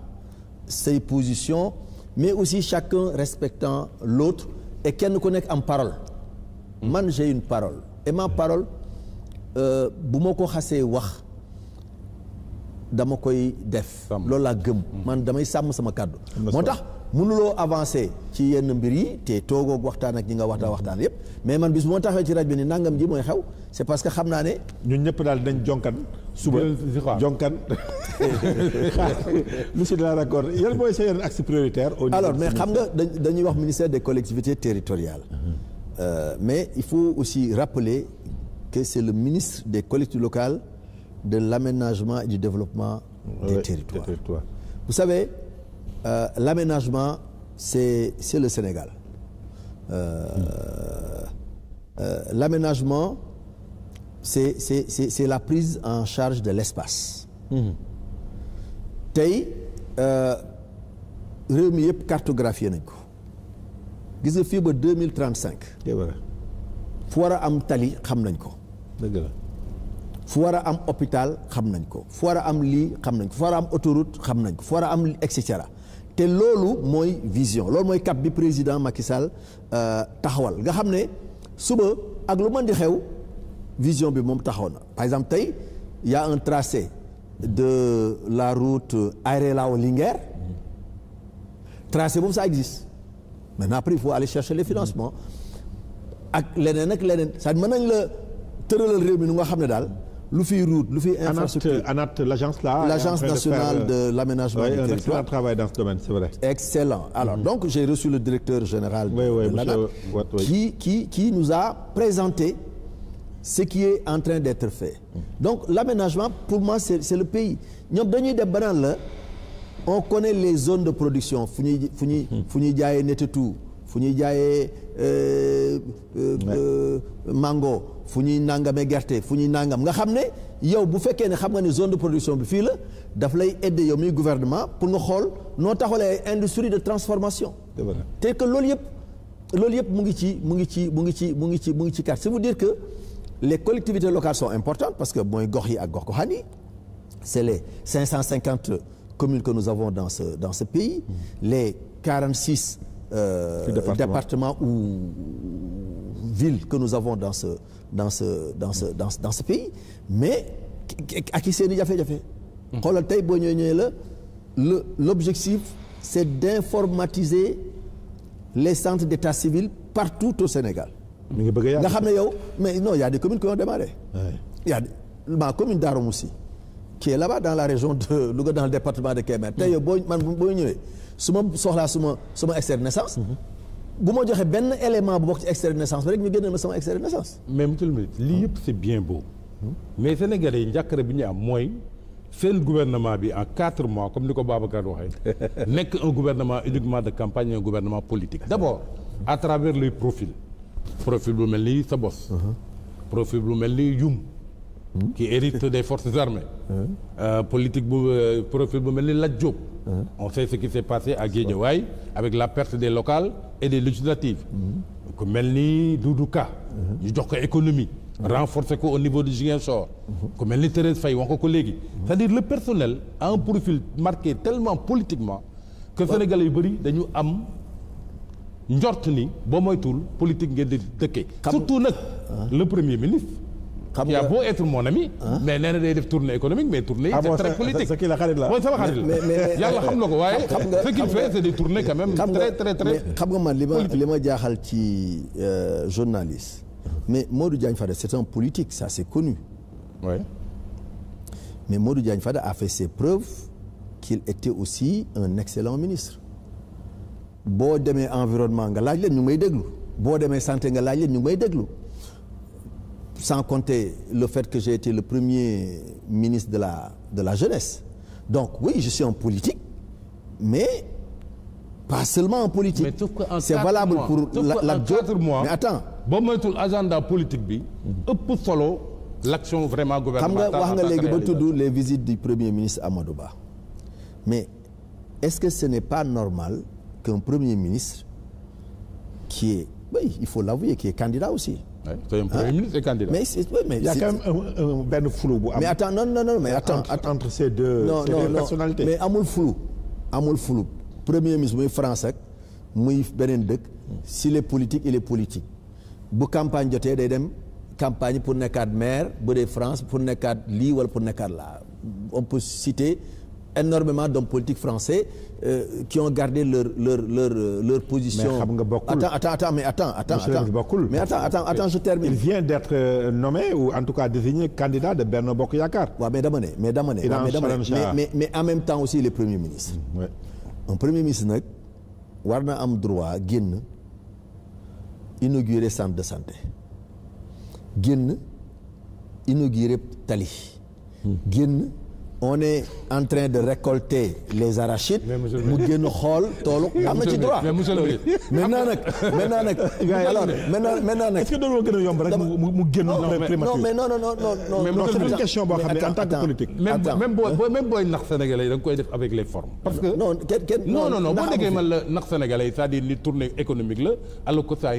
ses positions mais aussi chacun respectant l'autre et kenn ku nekk am parole man j'ai une parole et ma parole euh, bu ma ko xasee wax dama koy def loolu laa gëm man damay sàmm sama kàddu moo tax mënuloo avancer ci yenn mbir yi te toogoog waxtaan ak ñi nga waxtaan waxtaan yëpp mais man bis moo taxee ci rajo bi ni nangam ji mooy xew c'est parce que xam naa ne. ñun ñëpp daal dañ jonkan suba jonkan monsieur de la Raccorde yan mooy sa yeneen axe prioritaire. au niveau alors mais xam nga dañuy wax ministère des collectivités territoriales. Mhm. Euh, mais il faut aussi rappeler que c'est le ministre des collectivités locale de l'aménagement et du développement. des territoires vous savez. euh, l'aménagement c'est le Sénégal euh, euh, l'aménagement c'est c'est c'est c'est la prise en charge de l'espace mmh. tey euh, réew mi yëpp cartographié nañ ko gis nga fii ba deux mille trente cinq fu war a am tali xam nañ ko fu war a am hôpital xam nañ ko fu war a am lii xam nañ ko fu war am autoroute xam nañ ko fu war a am et cetera te loolu mooy vision loolu mooy cap bi président Macky Sall euh, taxawal nga xam ne suba ak lu man di xew vision bi moom taxaw na par exemple tey y un tracé de la route Aérelao Linguère tracé boobu ça existe maintenant après il faut aller chercher le financement ak leneen ak leneen ça mën nañ la tëralal réew mi nu nga xam ne daal lu fiy route lu fiy infrastructure ANAT l'agence là l'agence nationale euh, de l'aménagement du territoire un travail dans ce domaine c'est vrai excellent alors mhm. donc j'ai reçu le directeur général de l'ANAT qui qui qui nous a présenté ce qui est en train d'être fait mhm. donc l'aménagement pour moi c'est le pays ñoom dañuy def banaan la on connaît les zones de production fu ñuy fu ñuy mhm. fu ñuy jaayee netatu fu ñuy jaayee euh, euh, euh, mango fu ñuy nangamee gerte fu ñuy nangam nga xam ne yow bu fekkee ne xam nga ne zone de production bi fii la daf lay aider yow muy gouvernement pour nga xool noo taxawalee industrie de transformation te que loolu yëpp loolu yëpp mu ngi ci mu ngi ci mu ngi ci mu ngi ci mu ngi ci carte c'est vous dire que les collectivités locales sont importantes parce que mooy gox yi ak gox goxaan yi c'est les cinq cent cinquante communes que nous avons dans ce dans ce pays mm. les quarante six euh, département. département ou ville que nous avons dans ce dans ce dans ce dans ce, pays mais ak i seen i jafe-jafe. xoolal tey boo ñëwee ñëwee la le l'objectif c'est d'informatiser les centres d'état civil partout au Sénégal. mi ngi bëgg nga xam ne yow mais non y a commune communes qui ont démarré. Ouais. ma commune Darou Moussi. qui est dans la région de Louga dans le département de Kébémer tey boo man boo ñëwee su ma soxlaa suma suma extrait de naissance mhm. bu ma joxee benn élément bu bokk ci extrait de naissance bi rek ñu génneel ma sama extrait de naissance mais monsieur lii yëpp c'est bien beau hmm? mais Sénégalais yi njàkkare bi ñu am mooy seen gouvernement bi en quatre mois comme ni ko Babacar waxee nekk un gouvernement uniquement de campagne un gouvernement politique d'abord à travers les profils profil bu mel ni sa bos uh-huh. profil bu mel ni yum ki hérite des forces armées. Euh, politique bu euh, profil bu mel ni Lat Diop. on sait ce qui s'est passé à Guédiawaye avec la perte des locales et des législatives. ku mel ni Doudou Ka. ñu jox ko économie. renforcer ko au niveau du Ziguinchor. ku mel ni Thérèse Faye wax ko ko léegi. c'est-à-dire le personnel a un profil marqué tellement politiquement. que Sénégalais yu bëri dañu am. njort ni boo moytuwul politique ngeen di dëkkee. surtout nag ah. le premier ministre. xam nga boo être mon ami. Ah. mais nee na day def tournée économique mais tournée yi. Ah, c'est très politique sa kii la xarit la mooy sama la. yàlla xam na ko waaye. xam nga ce qu'il fait c'est des tournées quand xam nga man li ma li ma jaaxal ci euh, journaliste. mais Modou Diagne Fada c'est un politique ça c'est connu. oui. mais Modou Diagne Fada a fait ses preuves qu'il était aussi un excellent ministre. boo demee environnement nga laaj leen ñu may déglu. boo demee santé nga laaj leen ñu ngi may déglu. sans compter le fait que j'ai été le premier ministre de la de la jeunesse donc oui je suis en politique mais pas seulement en politique. mais c'est valable mois, pour la la Diop mais attends. ba moytul agenda politique bi. ëpp solo l'action vraiment gouvernementale. xam nga wax nga léegi ba tudd les visites du premier ministre Amadou mais est-ce que ce n'est pas normal qu'un premier ministre qui est oui il faut l'avouer qui est candidat aussi. c'est un premier ah. ministre mais mais il y a quand même benn flou bu mais attends non non non mais attends entre ces deux. non amul flou. amul flou premier ministre muy France muy beneen dëkk. si est politique il est politique. bu campagne jotee day dem campagne pour nekkaat maire bu dee France pour nekkaat lii wala pour nekkaat laa on peut citer. énormément d'hommes politiques français euh, qui ont gardé leur leur leur euh, leur mais xam nga bokkul attends attends attends mais attends attends attends mais attends attends attends je termine. il vient d'être euh, nommé ou en tout cas désigné candidat de Benno Bokk Yaakaar. waaw mais dama mais dama mais en même temps aussi les premiers ministres. Mm, oui premier ministre nag war am droit génn inaugurer centre de santé génn inaugurer tali. Mm. on est en train de récolter les arachides. mu génn xool toolu. am na que doon gën mu génn. non mais non non non non. ne yi da koy def avec les formes. parce que non kenn kenn. boo déggee man la nax sénégalais yi cest dire li tournée économique la alors que ça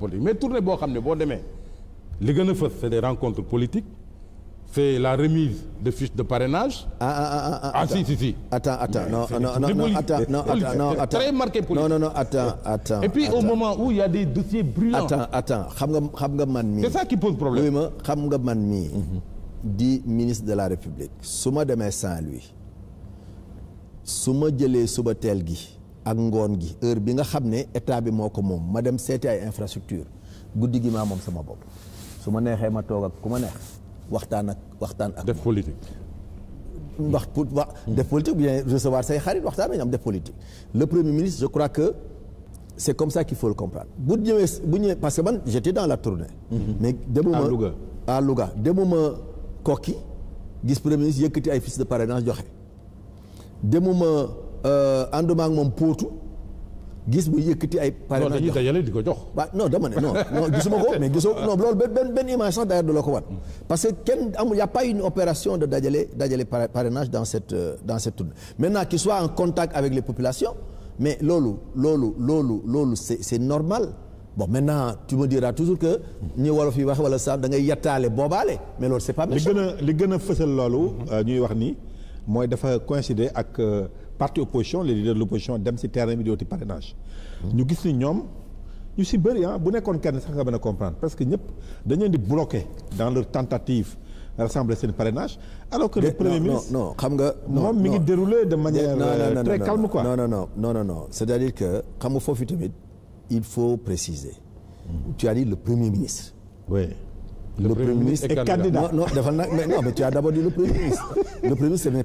politique mais tournée boo xam ne boo demee li gën a fës c'est des rencontres politiques. c'est la remise de fiches de parrainage. ah ah ah ah, ah, ah si si si. a des dossiers brûlants. attends xam nga xam nga man mii. c'est ça ma xam nga man mii. di ministre de la République. su ma demee Saint-Louis su ma jëlee suba teel gi. ak ngoon gi heure bi nga xam ne état bi moo ko moom ma dem seeti ay infrastructure guddi gi maa moom sama bopp su ma neexee ma toog ak ku ma neex waxtaan ak waxtaan ak. def politique. wax pour wax def politique bien recevoir say xarit waxtaan nañu am def politique. le premier ministre je crois que c' comme ça qu'il faut le comprendre bu ñëwee bu ñëwee parce que man j' étais dans la tournée. Mm-hmm. mais demuma à Louga à Louga demuma kokki gis premier ministre yëkkati ay fiches de parrainage joxe demuma euh, ànduma ak moom Potou. gis mu yëkkati ay. pare na jox di ko jox. waaw non dama ne non non gisuma ko mais gisoo non loolu benn image sax d'ailleurs du la ko wan. parce que kenn amul y' a pas une opération de dajale dajale parrainage dans cette euh, dans cette tournée maintenant qu'il soit en contact avec les populations mais loolu loolu loolu loolu c'est c'est normal. bon maintenant tu me diras toujours que ñu wolof fi wax wala sax da ngay yattaale boobaale mais loolu c'est pas méchant. li gën a li gën a loolu. Euh, ñuy wax nii mooy dafa coïncider ak. Euh, parti opposition les leaders de l'opposition dem ci terrain bi di wuti parrainage. ñu gis ni ñoom ñu ci bëri ah bu nekkoon kenn sax nga mën a comprendre parce que ñëpp dañu leen di bloqué dans leur tentative rassembler seen parrainage. alors que le premier ministre xam nga. moom mi ngi déroulé de manière. Euh, très calme quoi non non no non non non c'est-à-dire que xam nga foofu tamit il faut préciser. tu as le premier ministre. le, le Premier ministre est candidat non defal nag mais non mais tu as d'abord dit le Premier ministre le Premier ministre ce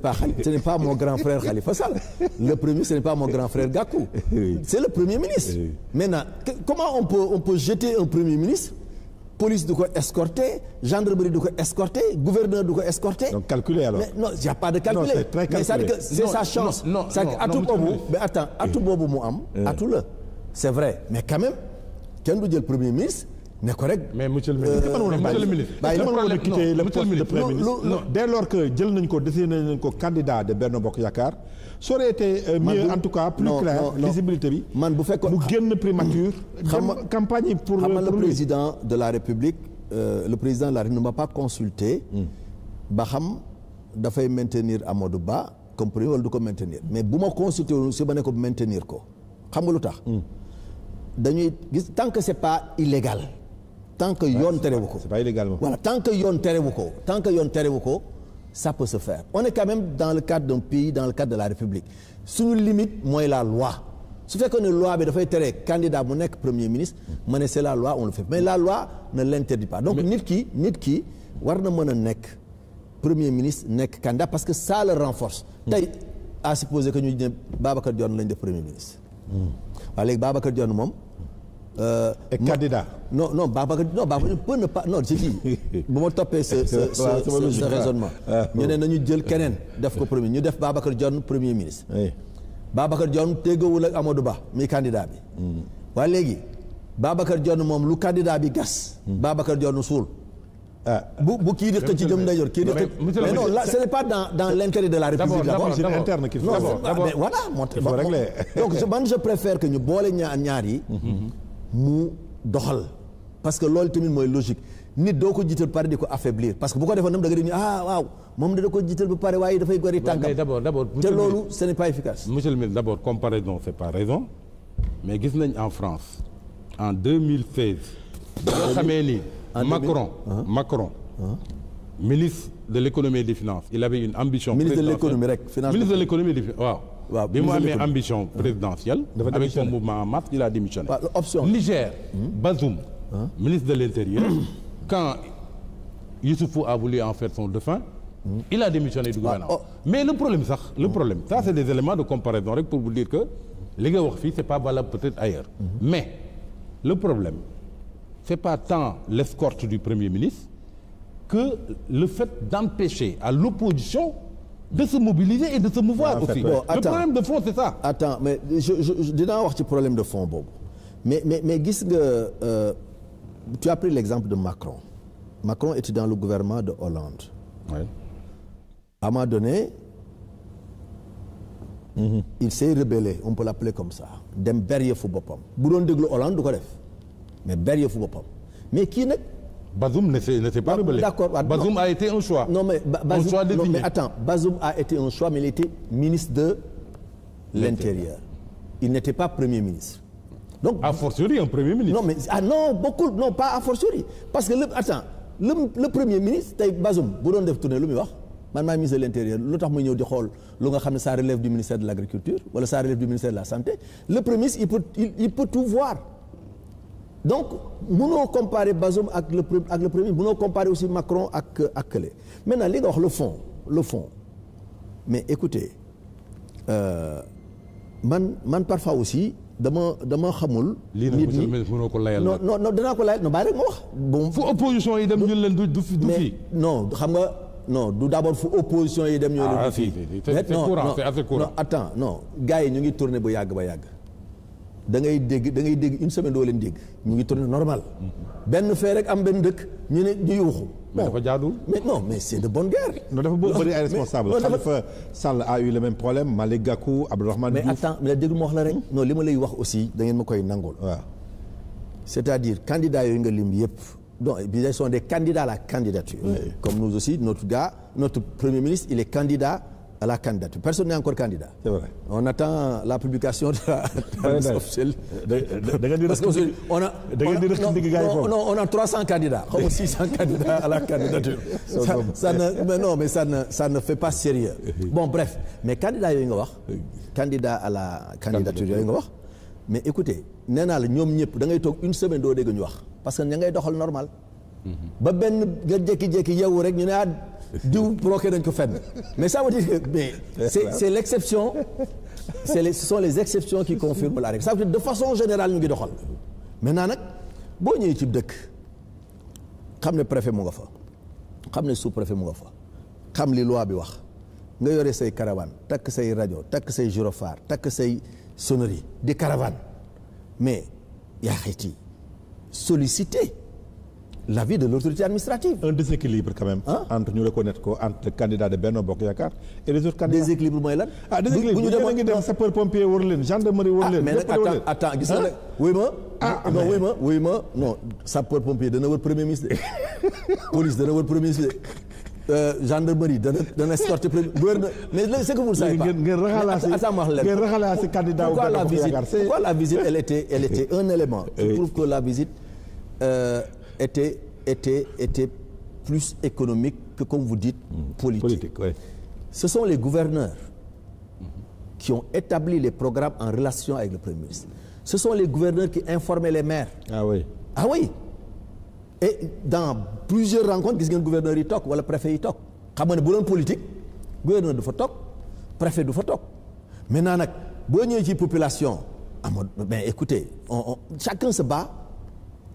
n'est pas mon grand frère Khalifa Sall le Premier ministre ce n'est pas mon grand frère Gakou c'est le Premier ministre maintenant que, comment on peut jeter un Premier ministre police du ko escorté gendarmerie du ko escorté gouverneur du ko escorté. donc calculé alors mais non y' a pas de calculé. non c'est très mais cest sa chance. non non non atu boobu mais attends atu boobu la c'est nekko rek. mais monsieur le ministre euh, monsieur le ministre. bàyyi quitter le poste de premier ministre. non dès lors que jël nañ ko désigné nañ ko candidat de Benno Bokk Yaakaar. ça aurait été euh, mieux en tout cas plus clair visibilité bi. man bu fekkoon mu génn primature. Mm. xam campagne pour pour le président de la République euh, le président de la République ne m'a pas consulté. Mm. ba xam dafay maintenir Amadou Ba comme premier du ko maintenir mais bu ma consulté woon si ma ne ko maintenir ko xam nga lu tax. Mm. gis tant que c'est pas illégal. tant que yoon terewu ko voilà tant que yoon terewu ko tant que yoon terewu ko ça peut se faire on est quand même dans le cadre d'un pays dans le cadre de la république suñu limite mooy la loi su fekkee ne loi bi dafay teree candidat mu nekk premier ministre ma ne c'est la loi on le fait mais la loi ne l'interdit pas donc nit ki nit ki war na mën a nekk premier ministre nekk candidat parce que ça le renforce a hmm. à supposer que ñu ne Babacar Dione lañ def premier ministre hmm. waaw léegi moom Euh, et candidat. non non Babacar non Babacar peut ne pas non bu ma toppee ce ce ce raisonnement. Ah, ñu ne nañu jël keneen def ko premier ñu def Babacar Dione premier ministre. Babacar Dione téggawul ak Amadou Ba mi candidat bi. Mm. waa léegi Babacar Dione moom lu candidat bi gas. Mm. Babacar Dione suul. Ah. bu bu kii di xëcc jëm ndeyjoor kii di xëcc mais non là ce n'est pas dans dans de la République d'abord c'est interne qui fait d'abord voilà donc man je préfère que ñu boole ñaar ñaar yi mm-hmm. mu doxal parce que loolu tamit mooy logique nit doo ko jiital pare di ko affaiblir parce que bu ko defoon nam da nga def ni ah waaw moom da ko jiital ba pare waaye dafay gori tànkam d'abord d'abord te loolu ce n'est pas efficace monsieur le ministre d'abord comparaison fait pas raison mais gis nañ en France en 2016 ba nga xamee ni Macron Macron ministre de l'économie et des finances il avait une ambition ministre de l'économie rek finance ministre de l'économie et des waaw waaw bi mu amee ambition mmh. présidentielle. dafa avec son mouvement en marche il a démissionné. waaw option Niger. Mmh. Bazoum. ministre de l' intérieur. quand Youssoufou a voulu en faire son dauphin. Mmh. il a démissionné du gouvernement oh. mais le problème sax le problème ça c' est des éléments de comparaison rek pour vous dire que li nga wax fii c' est pas valable peut-être ailleurs. mais le problème c' est pas tant l' du premier ministre que le fait d' empêcher à l'opposition de se mobiliser et de se mouvoir ah, aussi. Bon, attends, le problème de fond c'est ça. attends mais je je dinaa wax ci problème de fond boobu mais mais mais gis nga euh, tu as pris l'exemple de Macron. Macron était dans le gouvernement de Hollande. oui. à un moment donné. Mm-hmm. il s'est rebellé on peut l'appeler comme ça. dem berye fu boppam. bu doon déglu Hollande du ko mais berye fu boppam mais kii nag. Bazoum ne s'est pas rebellé. D'accord. Bazoum a été un choix. Non mais Bazoum, a été un choix mais il était ministre de l'Intérieur. Il n'était pas Premier ministre. Donc a fortiori un Premier ministre. Non mais ah non beaucoup non pas a fortiori parce que le Premier ministre tey Bazoum bu doon def tournée lu muy wax man maay ministre de l'Intérieur lu tax muy ñëw di xool lu nga xam ne ça relève du ministère de l'Agriculture wala ça relève du ministère de la Santé le Premier ministre il donc mënoo comparer Bazoum ak le ak le premier mënoo comparer aussi Macron ak ak Kële na li nga wax le fond le fond mais écoutez euh, man man parfois aussi dama dama xamul. nit ñi lii nag mënoo ko layal non non non danaa ko layal non bàyyi rek wax. bon fu opposition yi dem ñu leen du du fi. non xam nga non du d' abord fu opposition yi dem. ñu leen ah, du fi ah c'est courant c'est courant non attends non gars ñu ngi tourné bu yàgg ba yàgg. da ngay dégg da ngay dégg une semaine doo leen dégg ñu ngi tourné normal benn fee rek am benn dëkk ñu ne ñu yuuxu mais dafa jaaduwul mais non mais c'est de bonne guerre. non dafa bëri ay responsable Khalifa Sall a eu le même problème Malick ma wax la rek non li ma lay wax aussi da ngeen ma koy nangul waaw c'est-à-dire candidats yooyu nga lim yëpp donc ils sont des candidats à la candidature comme nous aussi notre gars notre premier ministre il est candidat à la candidature. Personne n'est encore candidat. C'est vrai. On attend la publication de la liste officielle. On a, on, a, non, on a 300 candidats, comme 600 candidats a la candidature. ça, ça ne, mais non, mais ça ne, ça ne fait pas sérieux. Bon, bref. Mais candidat yooyu nga wax. candidat à la candidature yooyu nga wax. mais écoutez nee naa la ñoom ñëpp da ngay toog une semaine doo dégg ñu wax parce que ña ngay doxal normal. Mhm. ba benn nga jékki-jékki yeewu rek diw bloqué dañ ko fenn mais ça veut dire que mais c'est c'est l'exception c'est les ce sont les exceptions qui confirment la règle ça veut dire de façon générale ñu ngi doxal maintenant nag boo ñëwee ci dëkk xam ne préfet mu nga fa xam ne sous-préfet mu nga fa xam li loi bi wax nga yore say caravane takk say rajo takk say gyrophare takk say sonnerie di caravane mais yaa xayti sollicité l'avis de l'autorité administrative. un déséquilibre quand même. Hein? entre ñu reconnaître ko entre le candidat de Benno Bokk Yaakaar et les autres déséquilibre mooy lan. ah déséquilibre bu ñu demoon ngi dem wër leen gendarmerie wër ah, leen. lépp wër dana wër premier ministre police dana wër premier ministre euh, gendarmerie dana dana escorter premier gouverneur mais c'est que vous ne savez pas. ngeen raxalaasi ngeen raxalaasi candidat la visite pourquoi était elle était un élément. était, était, était plus économique que, comme vous dites, mhm. politique. politique ouais. Ce sont les gouverneurs qui ont établi les programmes en relation avec le Premier ministre. Ce sont les gouverneurs qui informaient les maires. Ah oui. Ah oui. Et dans plusieurs rencontres gis ngeen gouverneur yi toog wala préfet yi toog xam nga ne bu doon politique gouverneur du toog préfet du fa toog maintenant nag boo ñëwee ci population ama mais écoutez on, chacun se bat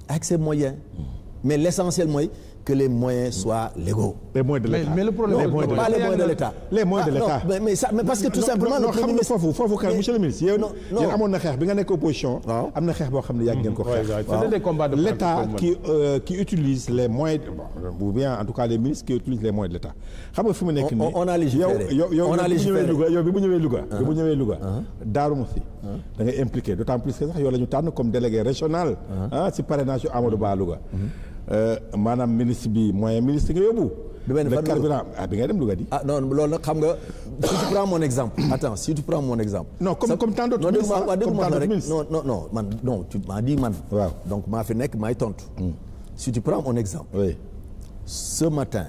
avec ses moyens. Mhm. mais l'essentiel mooy que les moyens soient légaux. les moyens de l'État mais, mais le problème non, les moyens pas les moyens de l'État. Ah, mais, parce que tout simplement. non xam nga foofu foofu kan ah. euh, en tout cas les ministres qui utilisent les moyens de l'État xam mu nekk nii. on a yow yow bi mu ñëwee Louga bi mu uh-huh. ñëwee Louga. Uh-huh. Darou Moussi. Uh-huh. da ngay impliqué d'autant que sax yow la tànn comme délégué régional. ah si parrainage yu Amadou Ba Euh, maanaam ministre bi moyen ministre nga yóbbu. du mel ni fan ah dem Louga di. ah non loolu nag xam nga si tu on mon exemple. attends si tu prends exemple. non comme comme tant d'autres ministres non non non man non tu waaw donc maa fi nekk maay tontu. Hmm. si tu prends mon exemple. oui ce matin.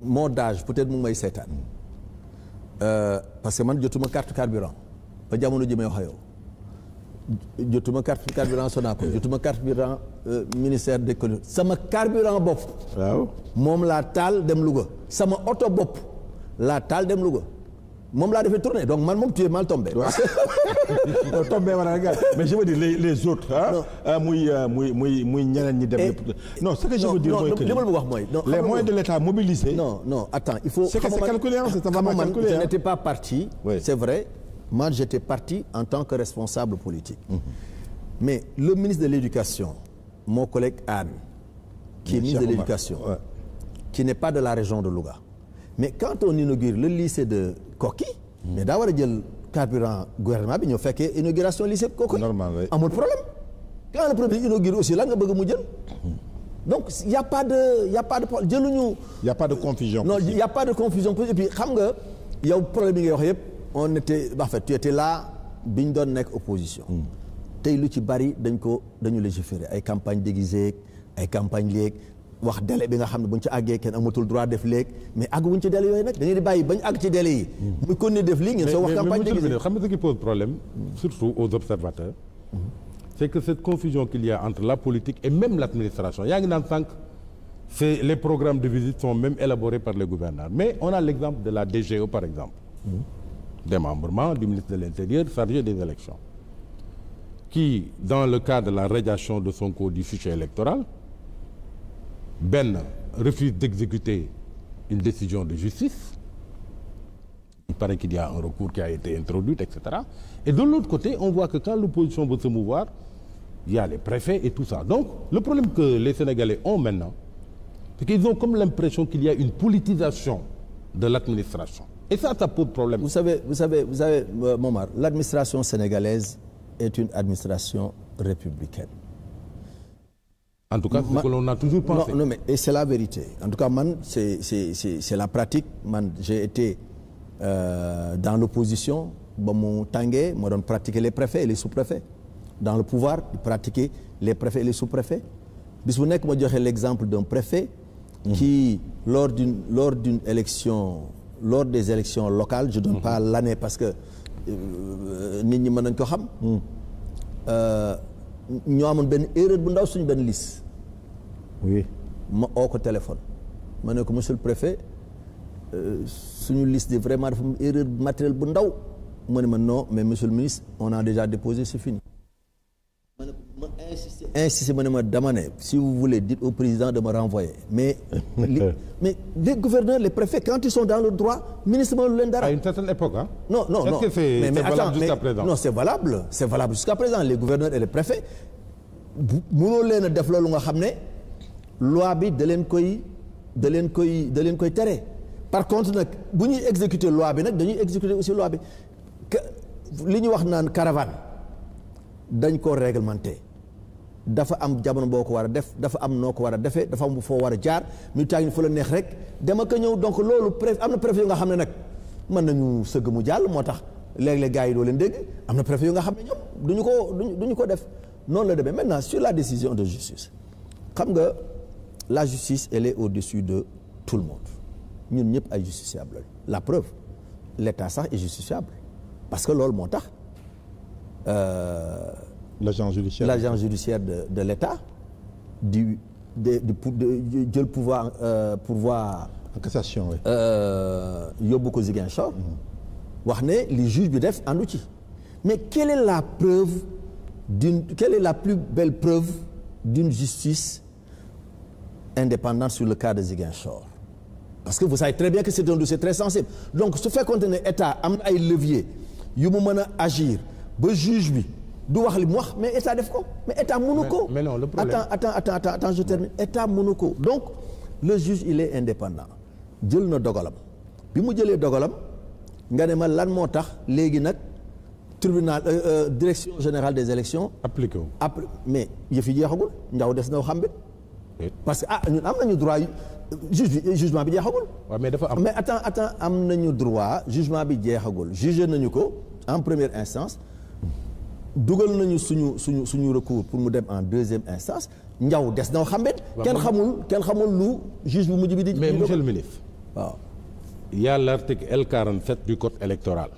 mon d'âge peut-être mu ngi may seetaan. Euh, parce que man jotuma carte carburant ba jamono ji may jotuma carte carburant Sonaco jotuma carburant euh, ministère de l'économie sama carburant bopp waaw moom laa taal dem Louga sama oto bopp laa taal dem Louga moom laa defee tourner donc man moom tu es mal tombé. waaw tombé wala nga mais je dire les les autres ah. muy euh, muy muy muy ñeneen ñi dem. Eh, non ce que je dire mooy que li ma la wax mooy. les moyens de l'État mobilisés. non non attends il faut. c'est que c'est calculé c'est ça va calculé je n'étais pas parti. c'est man j'étais parti en tant que responsable politique. Mhm. mais le ministre de l'éducation mon collègue Anne. qui est ministre de l'éducation ouais. qui n'est pas de la région de Louga. mais quand on inaugure le lycée de Koki. Mhm. mais daa war a jël carburant gouvernement bi ñoo fekkee inauguration lycée de Koki. normal oui. amul problème. quand le premier inaugure aussi lan nga bëgg mu jël. Mhm. donc y' a pas de y' a pas y' a pas de confusion. non y' a pas de confusion et puis xam nga yow problème yi ngay wax yëpp. on était en fait tu étais là bi ñu doon nekk opposition. Mm. tey lu ci bari dañ ko dañu légiférer ay campagne déguisée ay campagne léeg wax délai bi nga xam ne bu ñu ci àggee kenn amatul droit def léeg mais àgg wuñ ci délai yooyu nag dañuy di bàyyi bañ àgg ci délai yi. muy kon ne def lii ngeen soo wax campagne déguisée xam nga ce qui pose problème mm. surtout aux observateurs. Mm. c'est que cette confusion qu'il y entre la politique et même l'administration yaa ngi naan sànq. c'est les programmes de visite sont même élaborés par les mais on a l'exemple de la DGO e, par exemple. démembrement du ministre de l'Intérieur chargé des élections qui dans le cas de la radiation de Sonko du fichier électoral benn refuse d'exécuter une décision de justice il paraît qu'il y a un recours qui a été introduit etc et de l'autre côté on voit que quand l'opposition veut se mouvoir il y a les préfets et tout ça donc le problème que les Sénégalais ont maintenant c'est qu'ils ont comme l'impression qu'il y a une politisation de l'administration Et ça, ça pose problème. Vous savez, vous savez, vous savez, euh, Momar, l'administration sénégalaise est tout cas, c'est ce que l'on la vérité. En tout cas, man, c'est la pratique. Man, j'ai été euh, dans l'opposition, bon, mon tangué, moi, on pratiquait les préfets et les sous-préfets. Dans le pouvoir, pratiquer les préfets et les sous-préfets. Bis vous n'êtes que moi, l'exemple d'un préfet mm-hmm. qui, lors d'une élection lors des élections locales je donne mmh. pas mhm. l'année parce que euh, nit ñi mën nañ ko xam hmm. euh, ñoo amoon benn erreur bu ndaw suñu benn liste oui oo ko téléphone ma ne ko monsieur le préfet euh, suñu liste vraiment dafa am erreur matérielle bu ndaw mu ne ma non mais monsieur le ministre on a déjà déposé c'est fini insisté ma ne ma dama ne si vous voulez dites au président de renvoyer mais. li mais les gouverneurs les préfets quand ils dans le droit ministre ma lu leen dara. à une certaine époque ah. non non non c'est valable jusqu'à présent non les gouverneurs et les préfets mënoo leen a la loolu nga xam ne loi bi da leen koy da leen koy da leen koy tere par contre nag bu ñuy exécuter loi bi nag dañuy exécuter aussi loi bi li ñu wax naan caravane dañ ko réglementer. dafa am jamono boo ko war a def dafa am noo ko war a defee dafa am foo war a jaar mu tàgg fa la neex rek dema ko ñëw donc loolu préf am na préfet yu nga xam ne nag mën nañu sëgg mu jàll moo tax léeg-léeg gars yi doo leen dégg am na préfet yu nga xam ne ñoom duñu ko du duñu ko def noonu la demee maintenant sur la décision de justice xam nga la justice elle est au-dessus de tout le monde ñun ñëpp ay justiciable lañu la preuve l'état sax est justiciable parce que loolu moo tax. Euh, l'agent judiciaire l'agent judiciaire de de l'État du de de jël pouvoir euh, pourvoi. en cassation oui. Euh, yóbbu ko Ziguinchor. Mhm. wax ne li juge bi def àndu ci. mais quelle est la preuve d'une quelle est la plus belle preuve d'une justice indépendante sur le cas de Ziguinchor. parce que vous savez très bien que c'est un dossier très sensible donc su fekkoonte ne état am na ay leviers yu mu mën a agir ba juge bi. du wax li mu wax mais état def ko mais état mënu ko. mais non le problème attends attends attends attends je termine état mënu ko donc le juge il est indépendant jël na dogalam bi mu jëlee dogalam nga ne ma lan moo tax léegi nag tribunal euh, euh, direction général des élections. appliqué wu mais yëf yi jeexagul njaw des na xam parce que ah ñun am nañu droit juge bi jugement bi jeexagul. mais dafa am mais attends attends am nañu droit jugement bi jeexagul jugé nañu ko en première instance. dugal nañu suñu suñu suñu recours pour mu dem en deuxième instance njaw des na xam kenn xamul kenn xamul lu juge bu mujj di. mais monsieur le ministre. waaw. il y a l'article L47 du code électoral.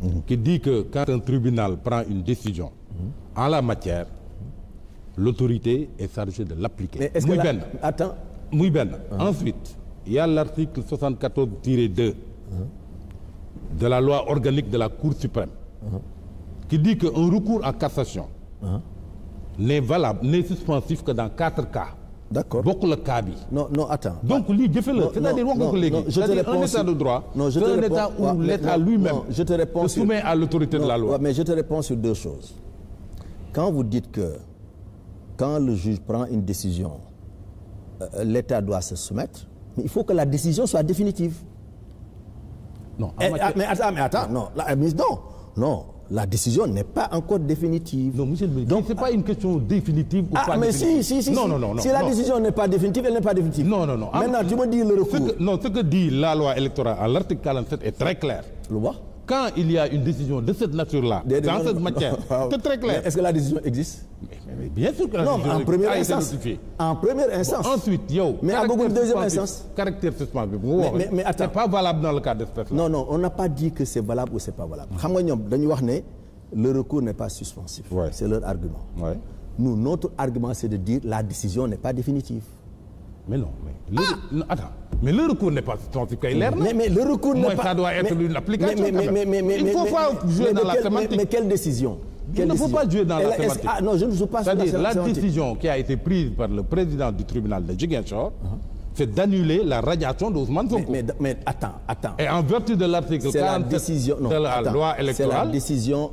Hmm. qui dit que quand tribunal prend une décision. Hmm. en la matière. l'autorité est chargée de l'appliquer. mais est-ce que muy benn attends muy benn. Ah. ensuite il y a l'article 74-2. Ah. de la loi organique de la Cour suprême. Ah. qui dit qu'un recours en cassation ah. n'est valable, n'est suspensif que dans quatre cas. D'accord. donc lii jëfe la c'est-à-dire wax nga ko c'est-à-dire un état de droit. se soumet à l'autorité de la loi. mais je te réponds sur deux choses. quand vous dites que le juge prend une décision euh, l'état doit se soumettre mais il faut que la décision soit définitive. non en eh, matière ah, mais non la décision n'est pas encore définitive. Non, monsieur le ministre, donc c'est pas une question définitive ou ah, pas définitive. si si si si, la décision n'est pas définitive, elle n'est pas définitive. Non non non. Maintenant, en, ah, tu me le recours. Ce ce que dit la loi électorale à l'article 47 est très clair. Loi quand il y a une décision de cette nature-là. dans cette matière c'est très clair. est-ce que la décision existe. mais bien sûr que la décision en première ah, instance en première instance. ensuite yow. mais à beaucoup de deuxième instance. caractère suspens bi mu mais mais attends c'est pas valable dans le cas de cette non non on n'a pas dit que c'est valable ou c'est pas valable. xam nga ñoom dañu wax ne le recours n'est pas suspensif. c'est leur argument. nous notre argument c'est de dire la décision n'est pas définitive. mais non mais. ah le attends mais le recours n'est pas sensible kay leer na. mais mais le recours n'est pas ça doit être une application. mais mais mais mais il faut pas jouer dans la sémantique mais quelle décision. il ne faut pas jouer dans la sémantique ah non je ne joue pas. c'est-à-dire la décision qui a été prise par le président du tribunal de Ziguinchor. Uh-huh. c'est d'annuler la radiation d'Ousmane Sonko. Mais, mais, mais Et en vertu de l'article 47 la décision, non, de la attends, loi électorale.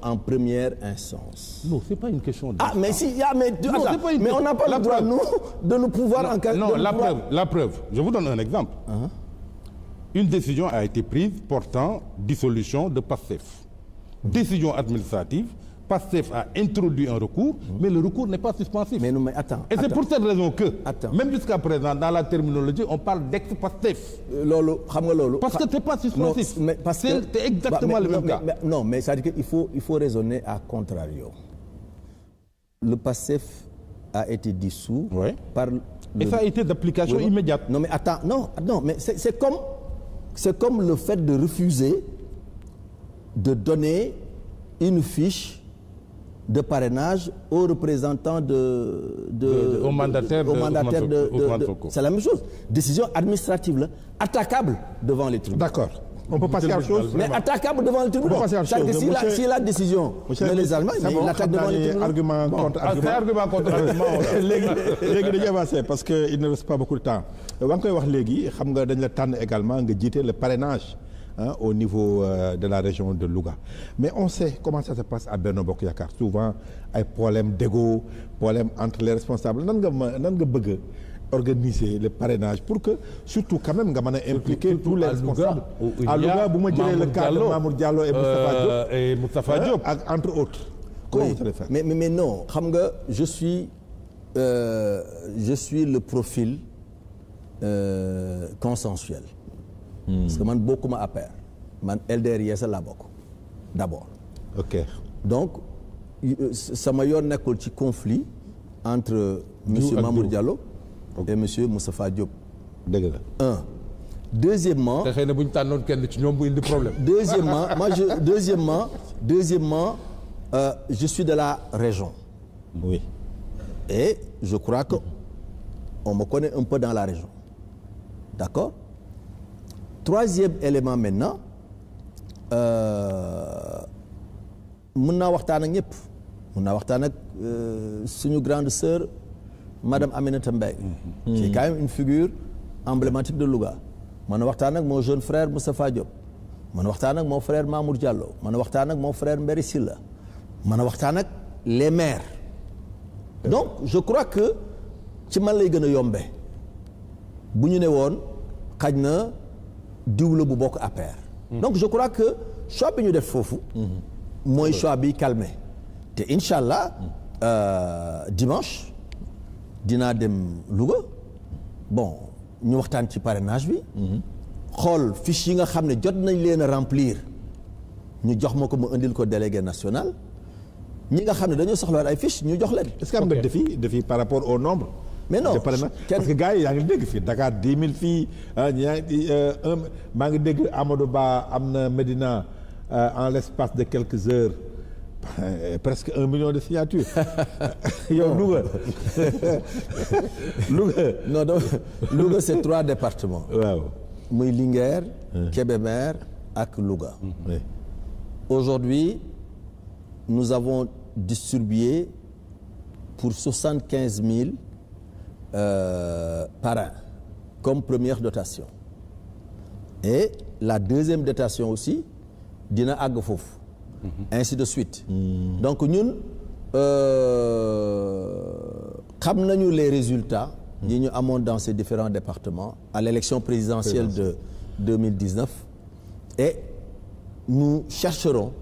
en première instance. Non, c'est pas une question de Ah, mais ah, non, n'a pas la le droit, nous, de nous pouvoir en cas, Non, la pouvoir... preuve, la preuve. Je vous donne un exemple. Uh Une décision a été prise portant dissolution de PASSEF. Décision administrative PASTEF a introduit un recours. Hmm. mais le recours n'est pas suspensif. mais non mais attends. et c'est pour cette raison que. attends même jusqu'à présent dans la terminologie on parle d'ex-PASTEF. Euh, parce que c'est pas suspensif. non que c'est exactement le même cas. non mais c'est-à-dire que faut il faut contrario. le PASTEF a été dissous. par. Le... Et ça a été d'application oui, immédiate. Non comme le fait de refuser de donner une fiche de parrainage au représentant de. de, de, de au mandataire de au mandataire de c'est la même chose décision administrative la attaquable devant les tribunaux. d'accord on peut passer à chose mais attaquable devant les tribunaux. on peut si la décision. ne les Allemands mais il attaque devant les tribunaux argument contre ah, argument. léegi léegi dañuy avancer parce que il ne reste pas beaucoup de temps. waa nga koy wax léegi xam nga dañ la tànn également nga jiite le parrainage. hein, au niveau euh, de la région de luga mais on sait comment ça se passe à Benno Bokk Yaakaar souvent ay problème dégo problème entre les responsables nan nga ma nan nga bëgg organiser le parrainage pour que surtout quand même nga mën a impliquer tous les responsables à Louga bu ma jëlee le cas de Mamour Diallo et Moustapha euh, Diop et Moustapha Diop ak entre autres mais, mais, mais non xam nga je suis euh, le profil euh, consensuel parce que hmm. man bokkuma APR man LDR Yeesal laa bokk d' abord. donc euh, sama yoon nekkul ci conflit entre monsieur Mamour Diallo et monsieur Moustapha Diop. dëgg la un. deuxièmement te xëy na bu ñu tànnoon kenn ci ñoom bu indi problème. deuxièmement moi je deuxièmement deuxièmement euh, je suis de la région. oui. et je crois que on me connaît un peu dans la région d'accord troisième élément maintenant euh, mun naa waxtaan ak ñëpp mun naa waxtaan ak euh, suñu grande sœur madame Aminata Mbaye mhm. qui est mhm. quand même une figure emblématique de Louga man na waxtaan ak mon jeune frère Moustapha Diop mën na waxtaan ak mon frère Mamour Diallo mën na waxtaan ak moo frère Mbéri Silla mën a waxtaan ak les maires euh. donc je crois que ci man lay gën a yombe bu ñu ne woon xaj na diw la bu bokk APR. Hmm. donc je crois que choix bi ñu def foofu. Hmm. mooy choix bi calmé. te incha allah hmm. euh, dimanche dinaa dem Louga bon ñu waxtaan ci parrainage bi. xool fiche yi nga xam ne jot nañ leen remplir ñu jox ma ko ma indil ko délégué national ñi nga xam ne dañu soxla ay fiche ñu jox leen. est-ce que am nga défi défi par rapport au nombre. mais non pare na parce que gars yaa ngi dégg fii Dakar dix mille fii ah, yaa ngi euh, un maa ngi dégg amado Ba am na Medina euh, en l'espace de quelques heures presque un million de signatures yow Louga Louga non donc c'est trois départements muy Linguère Kébémer ak Louga mm-hmm. aujourd'hui nous avons distribué pour soixante quinze mille euh, parrain comme première dotation et la deuxième dotation aussi dina àgg foofu mhm. ainsi de suite mmh. donc ñun euh, xam nañu les résultat yi ñu amoon dans ces différents département à l'élection présidentielle de 2019 et nous chercherons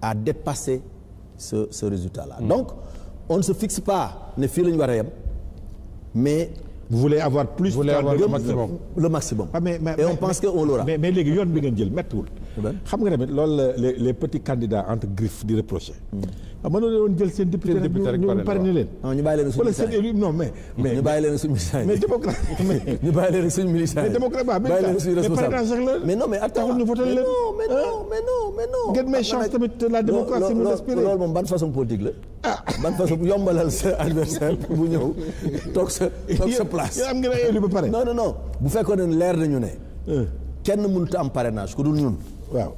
à dépasser ce ce résultat-là mmh. donc on ne se fixe pas ne fii la ñu war a yem mais vous voulez avoir plus. Vous voulez avoir le maximum le maximum. Ah, mais, mais, et on mais, pense que on l'aura. mais mais léegi yoon bi ngeen jël méttiwul. Eh xam nga tamit loolu la les les petits candidats entre griffes di reprocher. Hmm. ah mënoo doon jël seen député rek ñu ñu parrainé leen. non ñu bàyyi leen suñu militant yi démocrate ñu bàyyi leen suñu militant yi mais démocrate waaw bàyyi leen suñu responsable tamit euh, la démocratie mu respiré loolu moom ban façon politique la. ah ban yombalal sa adversaire bu ñëw toog sa toog sa place. yéen am ngeen ay élu ba pare. non non non bu fekkoon ne leer nañu ne. kenn mënut a am parrainage ku dul ñun waaw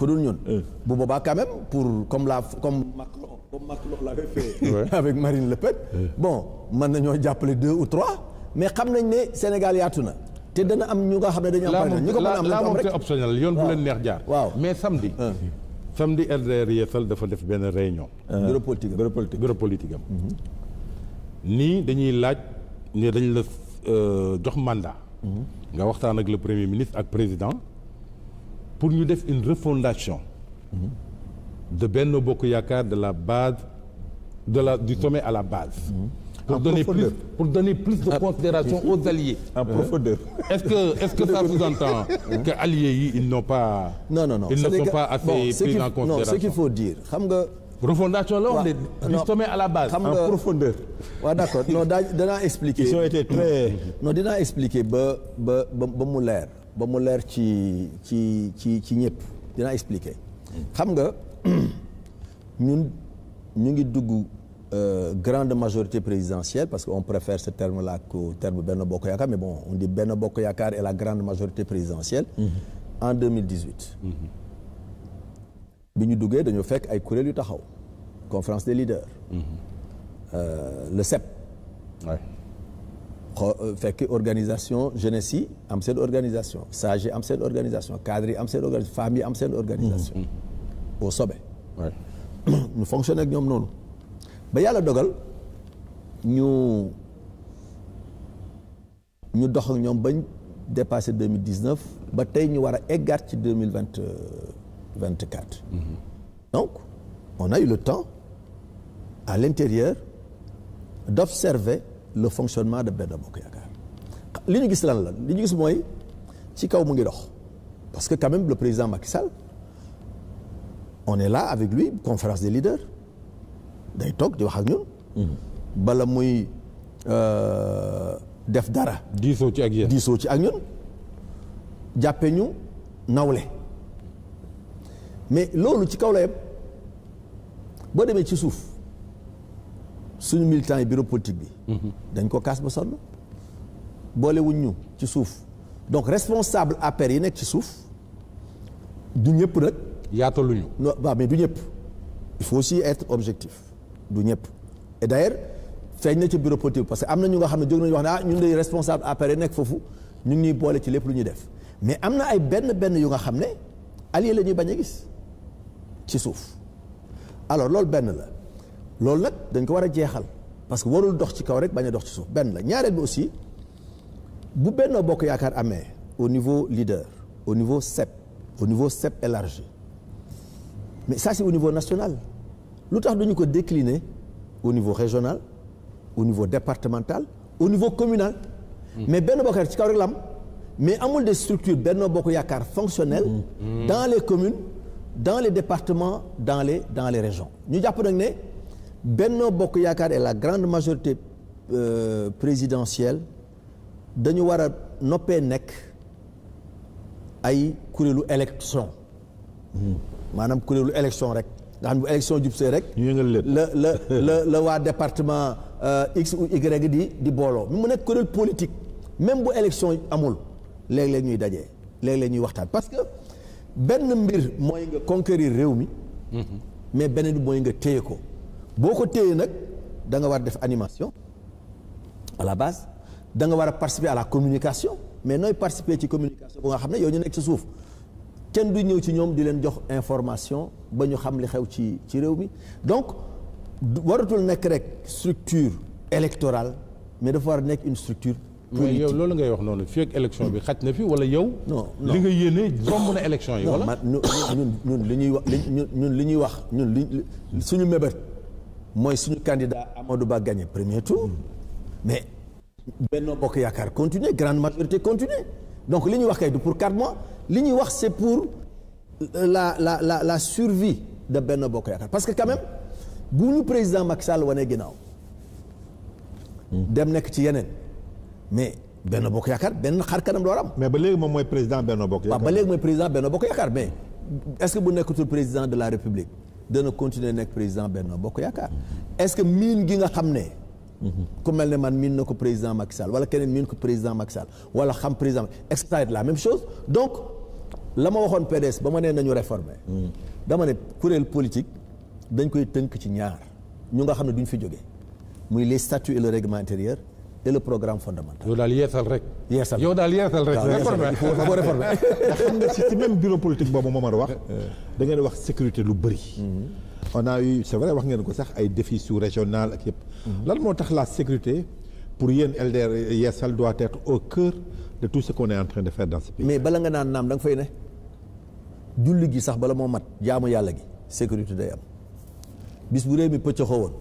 ko dul ñun. Eh. bu boobaa quand pour comme la comme Macron comme Macron l'avait fait. avec Marine Le Pen. Eh. bon mën nañoo jàppale deux ou trois mais xam nañ ne Sénégal yaatu na. te dana am ñu nga xam ne dañu am. bari na ko mën am la moom c'est optionnel yoon bu leen neex jaar. waaw mais samedi. Eh. samedi LDR Yeesal dafa def benn réunion. bureau politique bureau politique mm-hmm. nii dañuy laaj ne dañ la euh, jox mandat. Mm-hmm. nga waxtaan ak le premier ministre ak président. pour ñu def une refondation de Benno Bokk Yaakaar de la base de la du sommet à la base pour en donner profondeur. plus pour de considération aux alliés. en profondeur. est-ce que est-ce ils n'ont pas. assez bon, en considération ce qu'il faut dire xam nga. refondation la on est du sommet à la base. en profondeur. waaw d'accord non daa danaa expliquer. ils ont ba ba mu leer. ba mu leer ci ci ci ci ñëpp dinaa expliquer. xam nga ñun ñu ngi dugg euh, grande majorité présidentielle parce que on préfère ce terme là qu'au terme Benno Bokk Yaakaar mais bon on dit Benno Bokk Yaakaar et la grande majorité présidentielle. Mm-hmm. en 2018. Mm-hmm. bi ñu duggee dañoo fekk ay kuréel yu taxaw conférence des leaders. Mm-hmm. Euh, le CEP. Euh, fekk organisation jeunesse am seen organisation sage am seen organisation cadre am seen organisation femmes yi am seen organisation mm-hmm. au sommet ñu fonctionné ak ñoom noonu ba yàlla dogal ñu ñu dox ak ñoom bañ dépassé deux mille dix neuf ba tey ñu war a eggaat ci deux mille vingt vingt quatre mm-hmm. donc on a eu le temps à l'intérieur d'observer le fonctionnement de Benno Bokk Yaakaar li ñu gis lan la li ñu gis mooy ci kaw mu ngi dox parce que quand le président Macky Sall on est là avec lui conférence des leaders day toog di wax ñun. Mm-hmm. bala muy euh, def dara. diisoo ci ak yéen diisoo ci ak ñun jàppee ñu nawle mais loolu ci kaw la yem boo demee ci suuf suñu militant yi bureau politique bi. dañ ko kaas ba sonn boole ñu ci suuf donc responsable APR yi nekk ci suuf du ñëpp nag yaataluñu non waaw mais du ñëpp il faut aussi être objectif du ñëpp et d'ailleurs feeñ na ci bureau politique parce que am na ñu nga xam ne jóg nañu wax ne ah ñun day responsable APR nekk foofu ñu ngi ñuy boole ci lépp lu ñuy def mais am na ay benn benn yu nga xam ne allie la ñuy bañ a gis ci suuf alors loolu benn la loolu nag dañ ko war a jeexal parce que warul dox ci kaw rek bañ dox ci suuf benn la ñaareel bi aussi bu Benno Bokk Yaakaar amee au niveau leader au niveau CEP au niveau CEP élargi mais ça c'est au niveau national lu tax duñu ko décliner au niveau régional au niveau départemental au niveau communal hmm. mais benn Bokk Yaakaar ci kaw rek la mais amul de structures Benno Bokk Yaakaar fonctionnelles hmm. Hmm. dans les communes dans les départements dans les dans les régions ñu jàpp nag ne Benno Bokk Yaakaar e la grande majorité euh, présidentielle dañu war a noppee nekk ay kuréelu élection hmm. maanaam kuréelu élection rek nga xam ne bu élection jubsee rek la la la la waa département euh, x ou y di di booloo mu nekk kuréel politique même bu élection amul léeg-léeg ñuy dajee léeg-léeg ñuy waxtaan parce que benn mbir mooy nga conquérir réew mi hmm. mais beneen bi mooy nga téye ko boo ko téyee nag da nga war def animation à la base da nga war a participer à la communication mais nooy participer ci communication bu nga xam ne yow ñu nekk ci suuf kenn duy ñëw ci ñoom di leen jox information ba ñu xam li xew ci ci réew mi donc waratul nekk rek structure électorale mais dafa war a nekk une structure mais yow loolu ngay wax noonu fii ak élection bi xaj na fi wala yow. non li nga yéene romb na élection yi. wala ñun ñun li ñuy wax ñun li ñuy wax ñun li suñu mébét. mooy suñu candidat Amadou Ba gagné premier tour mais Benno Bokk Yaakaar continuer grande majorité continuer donc li ñuy wax kay du pour quatre mois li ñuy wax c'est pour la la la la survie de Benno Bokk Yaakaar parce que quand même bu ñu président Macky Sall wanee ginnaaw dem nekk ci yeneen mais Benno Bokk Yaakaar benn xar kanam loo am. mais ba léegi moom mooy président Benno Bokk Yaakaar. waaw président mais est-ce que bu nekkatul président de la République. dana continuer nekk président Benno Bokk Yaakaar est-ce que miin gi nga xam ne ku mel ne man miin na ko président Macky Sall wala keneen miin ko président Macky Sall wala xam président est la même chose donc la ma waxoon PDS ba ma nee nañu réforme dama ne kuréel politique dañ koy tënk ci ñaar ñu nga xam ne duñ fi jógee muy les statuts et le règlement intérieur et programme fondamental. yow daal yeesal rek. yeesal yow daal yeesal rek. réformer il faut réformer. xam nga si ci politique boobu Momar wax. Eh, eh. da ngeen wax sécurité lu bëri. Mhm. on a eu c' est wax ngeen ko sax ay défis sous régional ak yëpp. Mhm. lan moo tax la sécurité pour yéen LDR yeesal doit être au cœur de tout ce qu' de faire dans ce pays. mais bala nga naan naam danga nga fay ne. julli gi sax bala moo mat jaamu yàlla gi sécurité day am bis bu réew mi pëcc xawoon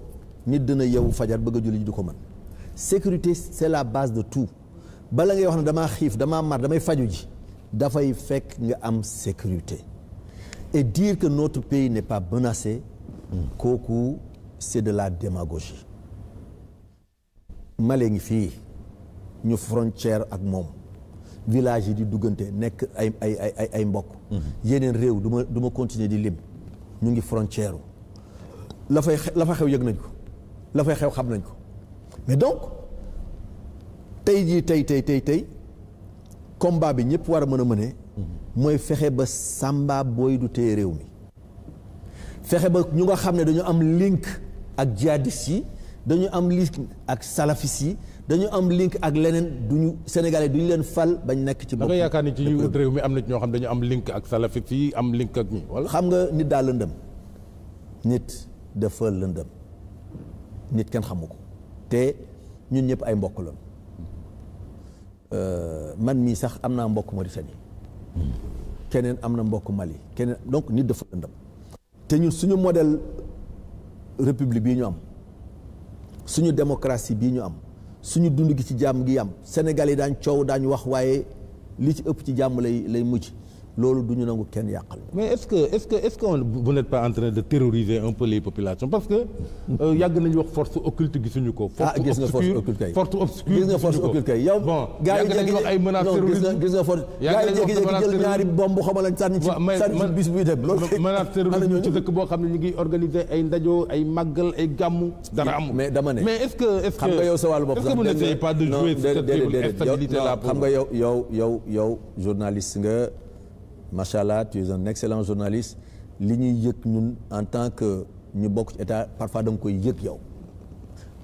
nit dina yeewu fajar bëgg julli ji du ko mën. sécurité c'est la base de tout bala ngay xam ne damaa xiif damaa mar damay faju ji dafay fekk nga am sécurité et diir que notre pays n'est pas menacé hmm, kooku c'est de la démagogie Mali ngi fii ñu frontière ak moom village yi di duggante nekk ay ay ay ay mbokk mhm. yeneen réew duma ma du ma continuer di lim ñu ngi frontière la fay la xew yëg nañ ko lafay xew xam nañ ko mais donc tey jii tey tey tey tey combat bi ñëpp war a mën a mëne mooy fexe ba sàmba booy du tey réew mi fexe ba ñu nga xam ne dañu am link ak jihadistes yi dañu am link ak salafis yi dañu am link ak leneen duñu sénégalais duñu leen fal bañ nekk ci bopp da yaakaar ni ci ñuy wut réew mi am na ñoo xam dañu am link ak salafis yi am link ak ñi wala xam nga nit daa lëndëm nit dafa lëndëm nit kenn xamu ko te ñun ñëpp ay mbokk la euh, man mii sax am naa mbokk Mauritanie keneen am na mbokk Mali keneen donc nit dafa ëndam te ñun suñu modèle république bii ñu am suñu démocratie bii ñu am suñu dund gi ci jàmm gi am Sénégal yi daañ coow daañu wax waaye li ci ëpp ci jàmm lay lay mujj loolu du ñu nangu kenn yàqal mais est-ce que est-ce que est-ce que on, vous n'êtes pas en de terroriser un peu les parce que euh, yàgg nañu wax force occulte gisuñu ko ah gis nga force occulte kay force obscure gis nga force occulte kay yow gaa yi jékki ay menaces terroristes gis nga force gaa yi jékki-jékki jël ñaari bomb xamalan sànni ci sànni ci bis buy dem loolu menace terroriste ci boo xam ne ñu ngi organiser ay ndajoo ay màggal ay gàmmu dara mais dama ne mais est-ce que est-ce que xam nga macha allah tu es un excellent journaliste li ñuy yëg ñun en tant que ñu bokk ci état parfois da koy yëg yow.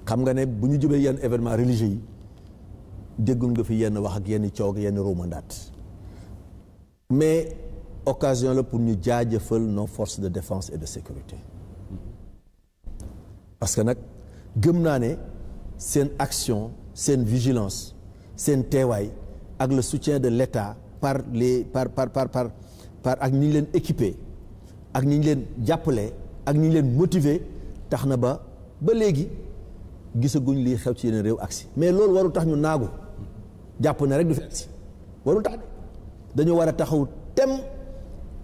xam nga ne bu ñu jubee yenn événement religieux yi déggoon nga fi yenn wax ak yenn coow ak yenn romandaat mais occasion la pour ñu jaajëfal nos force de défense et de sécurité parce que nag gëm naa ne seen action seen vigilance seen teewaay ak le soutien de l'État par les par par par par par ak ni leen équipé ak ni leen jàppale ak ni leen motiver tax na ba ba léegi gisaguñ lii xew ci yeneen réew aksi mais loolu warul tax ñu naagu jàpp na rek du fekk warul tax dañu war a taxaw tem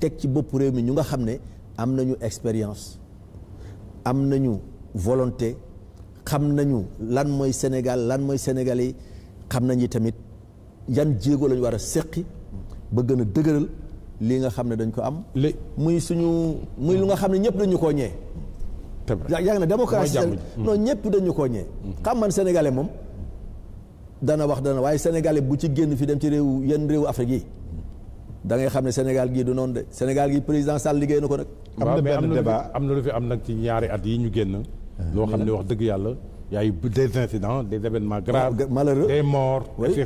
teg ci bopp réew mi ñu nga xam ne am nañu expérience am nañu volonté xam nañu lan mooy Sénégal lan mooy Sénégalais xam na ñi tamit yan jéego lañu war a séqi ba gën a dëgëral lii nga xam ne dañ ko am. lé muy suñu muy lu nga xam ne ñëpp dañu koo ñee. yaa ngi ne démocratie mm. non ñëpp dañu koo ñee. Mm. xam man moom dana wax dana waaye sénégalais bu ci génn fi dem ci réew yenn réewu Afrique yi da ngay xam ne senegal gii du noonu de Sénégal gii président Sall liggéey na ko nag. am na benn débat am na lu fi am nag ci ñaari at yi ñu génn. Ah, loo xam ne wax dëgg yàlla. y a eu des incidents des événements graves. malheureux des loolu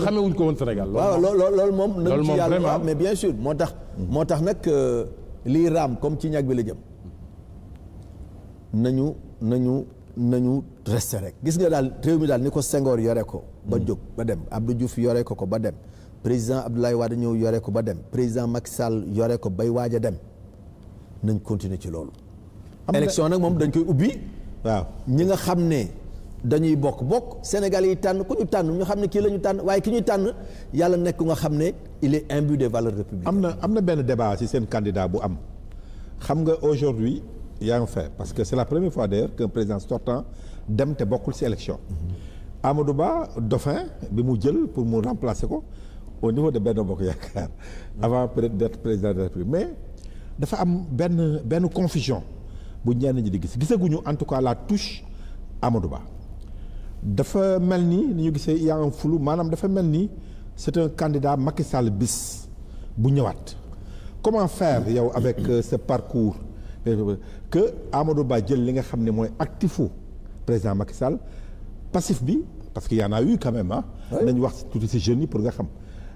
xamee wuñ ko woon Sénégal. loolu moom. loolu moom vraiment mais bien sûr moo tax. moo tax nag euh, lii raam comme ci ñag bi la jëm. nañu nañu nañu rester rek. gis nga daal réew mi daal ni ko sengoor yore ko. ba hmm. jóg ba dem Abdou Diouf yore ko ko ba dem. président Abdoulaye Wade ñëw yore ko ba dem président Macky Sall yore ko bay waaj a dem nañ continuer ci loolu. élection nag moom dañ koy ubbi. waaw ñi nga xam ne dañuy bokk bokk Sénégal yi tànn ku ñu tànn ñu xam ne kii la ñu tànn waaye ki ñuy tànn yàlla nekk nga xam ne il est imbu des valeurs républicaines. am na am na benn débat ci seen candidat bu am xam nga aujourd'hui yaa ngi fait parce que c'est la première fois d'ailleurs qu'un président sortant dem te bokkul ci élection. Mm-hmm. Amadou Ba dauphin bi mu jël pour mu remplacer ko au niveau de Benno Bokk Yaakaar mm-hmm. avant peut-être président de la République mais dafa am benn benn confusion. bu ñenn ñi di gis gisaguñu en tout cas la touche Amadou Ba dafa mel ni ni ñu gisee y a un maanaam dafa mel ni c'est un candidat Macky Sall bis bu ñëwaat comment faire yow avec euh, ce parcours que Amadou Ba jël li nga xam ne mooy actifu président Macky Sall passif bi parce que y en a eu quand même ah wax tuuti si jeunes yi pour nga xam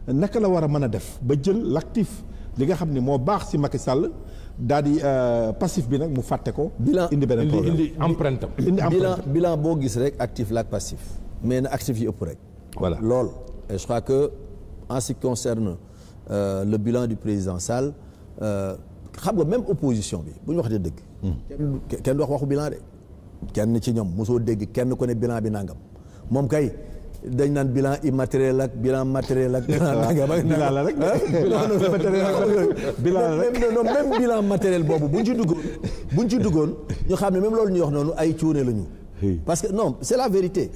naka la war a mën a def ba jël l'actif li nga xam ne moo baax si Macky daal di euh, passif bi nag mu fàtte ko. indi beneen programme indi empreinte indi empreinte bilan boo gis rek actif laa ak passif. mais na actif yi ëpp rek. voilà lool je crois que en ce qui concerne euh, le bilan du président Sall euh, xam nga même opposition bi bu ñu wax de dëgg. Hmm. kenn du wax waxu bilan de. kenn ci ñoom mosoo dégg kenn ko ne bilan bi nangam moom kay. dañ naan bilan immatériel ak bilan matériel ak. bilan nangam ak bilan la rek. bilan non même bilan matériel boobu bu buñ ci duggoon buñ ci duggoon ñu xam ne même loolu ñuy wax noonu ay cuune la ñu. parce que non c'est la vérité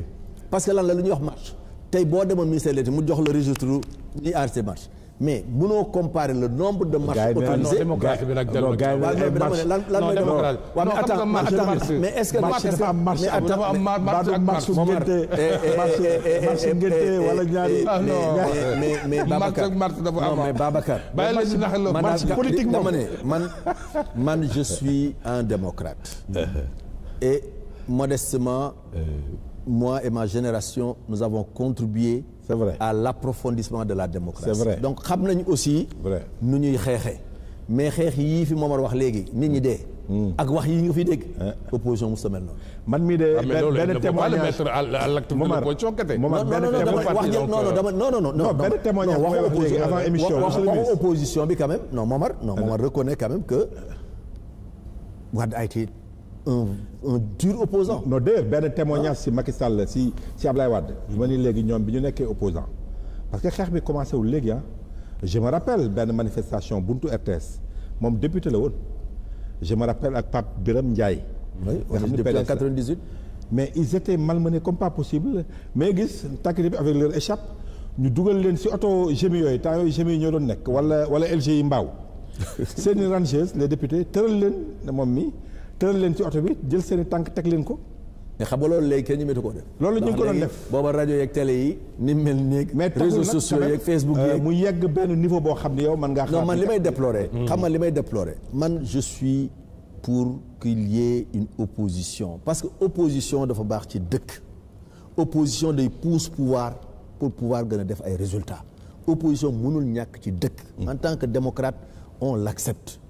parce que lan la lu ñuy wax marche tey boo demoon ministère de mu jox la registre ñuy aar marche. mais mënoo comparer le nombre de marches autorisées démocratie bi nag delloo lan lan mooy démocratie waaw mais attends mais est-ce que marche dafa am marche dafa am marche ak marche marche ngénte wala ñaari mais mais Babacar marche dafa am mais Babacar bàyyi la si nax la marche politique dama ne man man je suis un démocrate et modestement euh. moi et ma génération nous avons contribué c'est vrai à l'approfondissement de la démocratie. c'est vrai donc xam nañu aussi. vrai nu ñuy xeexee. mais xeex yii fi Momar wax léegi nit ñi dee. Hmm. ak wax yi nga fi dégg. Eh. opposition mu mel noonu. man mii de ah, benn témoignage Momar Momar benn euh, non non non non benn témoignage mooy wax léegi waxu opposition bi quand même non Momar non eh. Momar reconnaît quand même que eh. Wade a été un un dur opposant benn témoignage si Macky Sall si si Ablaye Wade ma ni léegi ñoom bi ñu nekkee opposant parce que xeex bi commencé wul léegi ah je me rappelle benn manifestation buntu RTS moom député la woon je me rappelle ak Pape Birame Ndiaye nga xam ne depuis 98 mais ils étaient malmenés comme pas possible mais gis takk bi avec leur échappe ñu dugal leen si oto GMI yooyu temps yooyu yi ñoo doon nekk wala wala LG yi mbaaw seen i rangers les députés tëral leen moom mi tëral leen ci oto bi jël seen i tànk teg leen ko. mais xam nga loolu léegi kenn ñu métti ko def. loolu ñu ngi ko doon def booba rajo yeeg télé yi. ni mel neeg réseaux sociaux yeeg Facebook euh, yeeg. mu yegg benn niveau boo xam ne yow man ngaa. non man may déplorer. Hmm. xam nga li may déplorer. man je suis pour qu'il y ait une opposition parce que opposition dafa baax ci dëkk. opposition day pousse pouvoir pour pouvoir gën a def ay résultats. opposition mënul ñàkk ci dëkk. Hmm. en tant que démocrate on l'accepte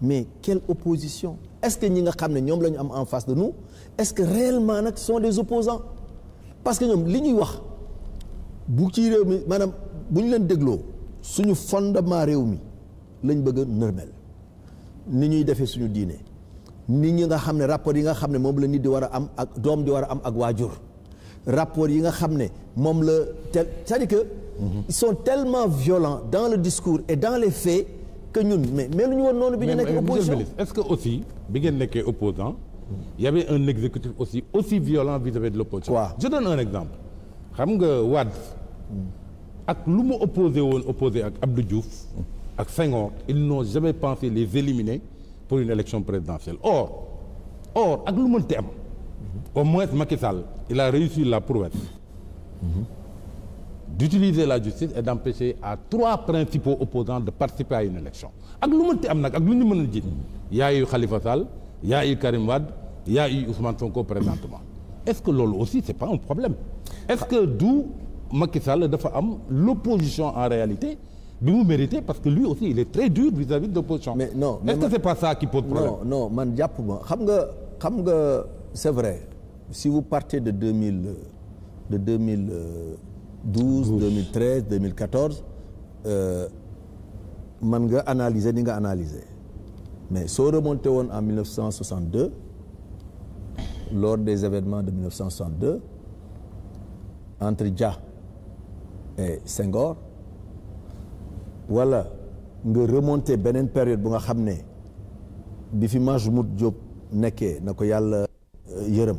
mais quelle opposition. est-ce que ñi nga xam ne ñoom lañu am en face de nous est-ce que réellement nag sont des opposants parce que ñoom li ñuy wax bu ci réew mi maanaam bu ñu leen dégloo suñu fondement réew mi lañ bëgg a nërmel ni ñuy defee suñu diine nit ñi nga xam ne rapport yi nga xam ne moom la nit di war a am ak doom di war a am ak waajur rapport yi nga xam ne moom la tel c'est-à-dire que mm-hmm. ils sont tellement violents dans le discours et dans les faits que ñun mais mais lu ñu woon noonu bi ñu nekk opposition est-ce que aussi bi ngeen nekkee opposant y avait un exécutif aussi aussi violent vis-à-vis de l'opposition quoi je donne un exemple xam nga Wade ak lu mu opposé woon opposé ak Abdou Diouf ak Senghor ils n'ont jamais pensé les éliminer pour une élection présidentielle or or ak lu mënti am au moins Macky Sall il a réussi la prouesse d'utiliser la justice et d'empêcher à trois principaux opposants de participer à une élection ak lu mënti am nag ak lu ñu mën a jiit yaa yu Khalifa Sall yaa yu Karim Wade yaa yu Ousmane Sonko présentement est-ce que loolu aussi c'est pas un problème est-ce que d'où Macky Sall dafa am l'opposition en réalité bi mu mérité parce que lui aussi il est très dur vis-à-vis de l'opposition mais non est-ce que c'est pas ça qui pose problème man jàpp ma xam nga xam nga c'est vrai si vous partez de 2000 de 2000 2012 2013 2014 man nga analyser ni nga analyser mais soo remonté woon en 1962 lors des événements de 1962 entre Dia et Senghor wala nga remonté beneen période bu nga xam ne bi fi Majmout Diop nekkee na ko yàlla euh, yërëm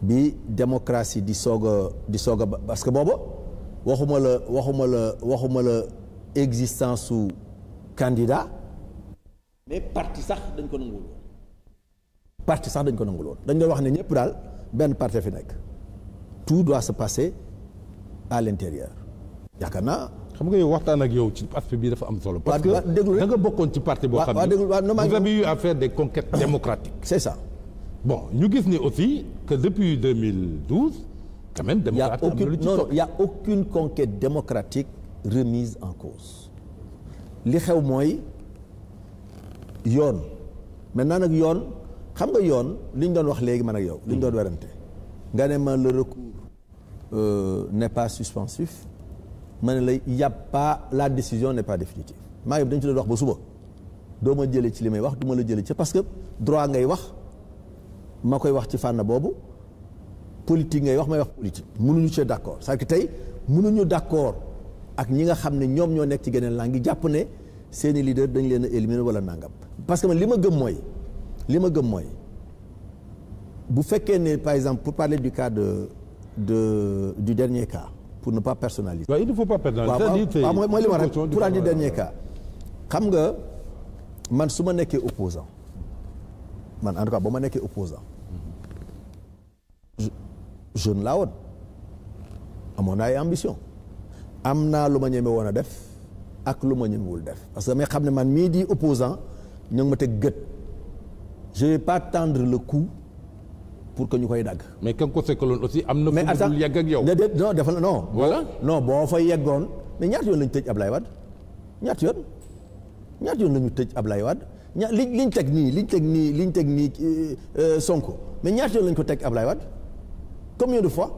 bi démocratie di soog a di soog ba parce que booba waxuma la waxuma la waxuma la existence su candidat mais parti sax dañ ko nangul woon parti sax dañ ko nangul woon dañ doon wax ne ñëpp daal benn parti fi nekk tout doit se passer à l'intérieur yaakaar naa xam nga yow waxtaan ak yow ci aspect bi dafa am solo. parce que da nga bokkoon ci parti boo. xam ne vous avez eu à faire des conquêtes c'est ça. bon ñu gis ni aussi que depuis 2012. quand même démocrate am na lu ci non il y a aucune conquête démocratique remise en cause. li xew mooy yoon maintenant nag yoon xam nga yoon li ñu doon wax léegi man ak yow. li ñu doon werante nga ne ma le recours ne euh, n'est pas suspensif ma ne la y a pas la décision ne pas définitive maa ngi dañ ci doon wax ba suba doo ma jëlee ci li may wax du ma la jëlee ci parce que droit ngay wax. ma koy wax ci fànn boobu politique ngay wax may wax politique mënuñu cee d' accord c'est-à-dire que tey d' accord ak ñi nga xam ne ñoom ñoo nekk ci geneen laa ngi jàpp ne seeni leader dañ leen a éliminer wala nangam parce que man li ma gëm mooy li ma gëm mooy bu fekkee ne par exemple pour parler du cas de du dernier cas pour ne pas personnaliser. waaw il ne faut pas personnaliser. waaw mooy li ma rek pour aller du dernier cas. xam nga man su ma nekkee opposant man en tout cas ba ma nekkee opposant jeune laa woon amoon naa ay ambition am naa lu ma ñeme woon a def ak lu ma ñemewul def parce que damay xam ne man mii di opposant ñu ma teg gët je vais pas tendre le coup pour que ñu koy dagg. mais kan ko sekkaloon aussi am na. mais attends yegg ak yow. déedéet non defal na non. voilà non boo fay yeggoon mais ñaata yoon la ñu tëj Ablaye Wade ñaata yoon ñaata yoon lañu ñu tëj Ablaye Wade ña li liñ teg nii liñ teg nii liñ teg nii euh, euh, Sonko mais ñaata yoon la ko teg Ablaye wat combien de fois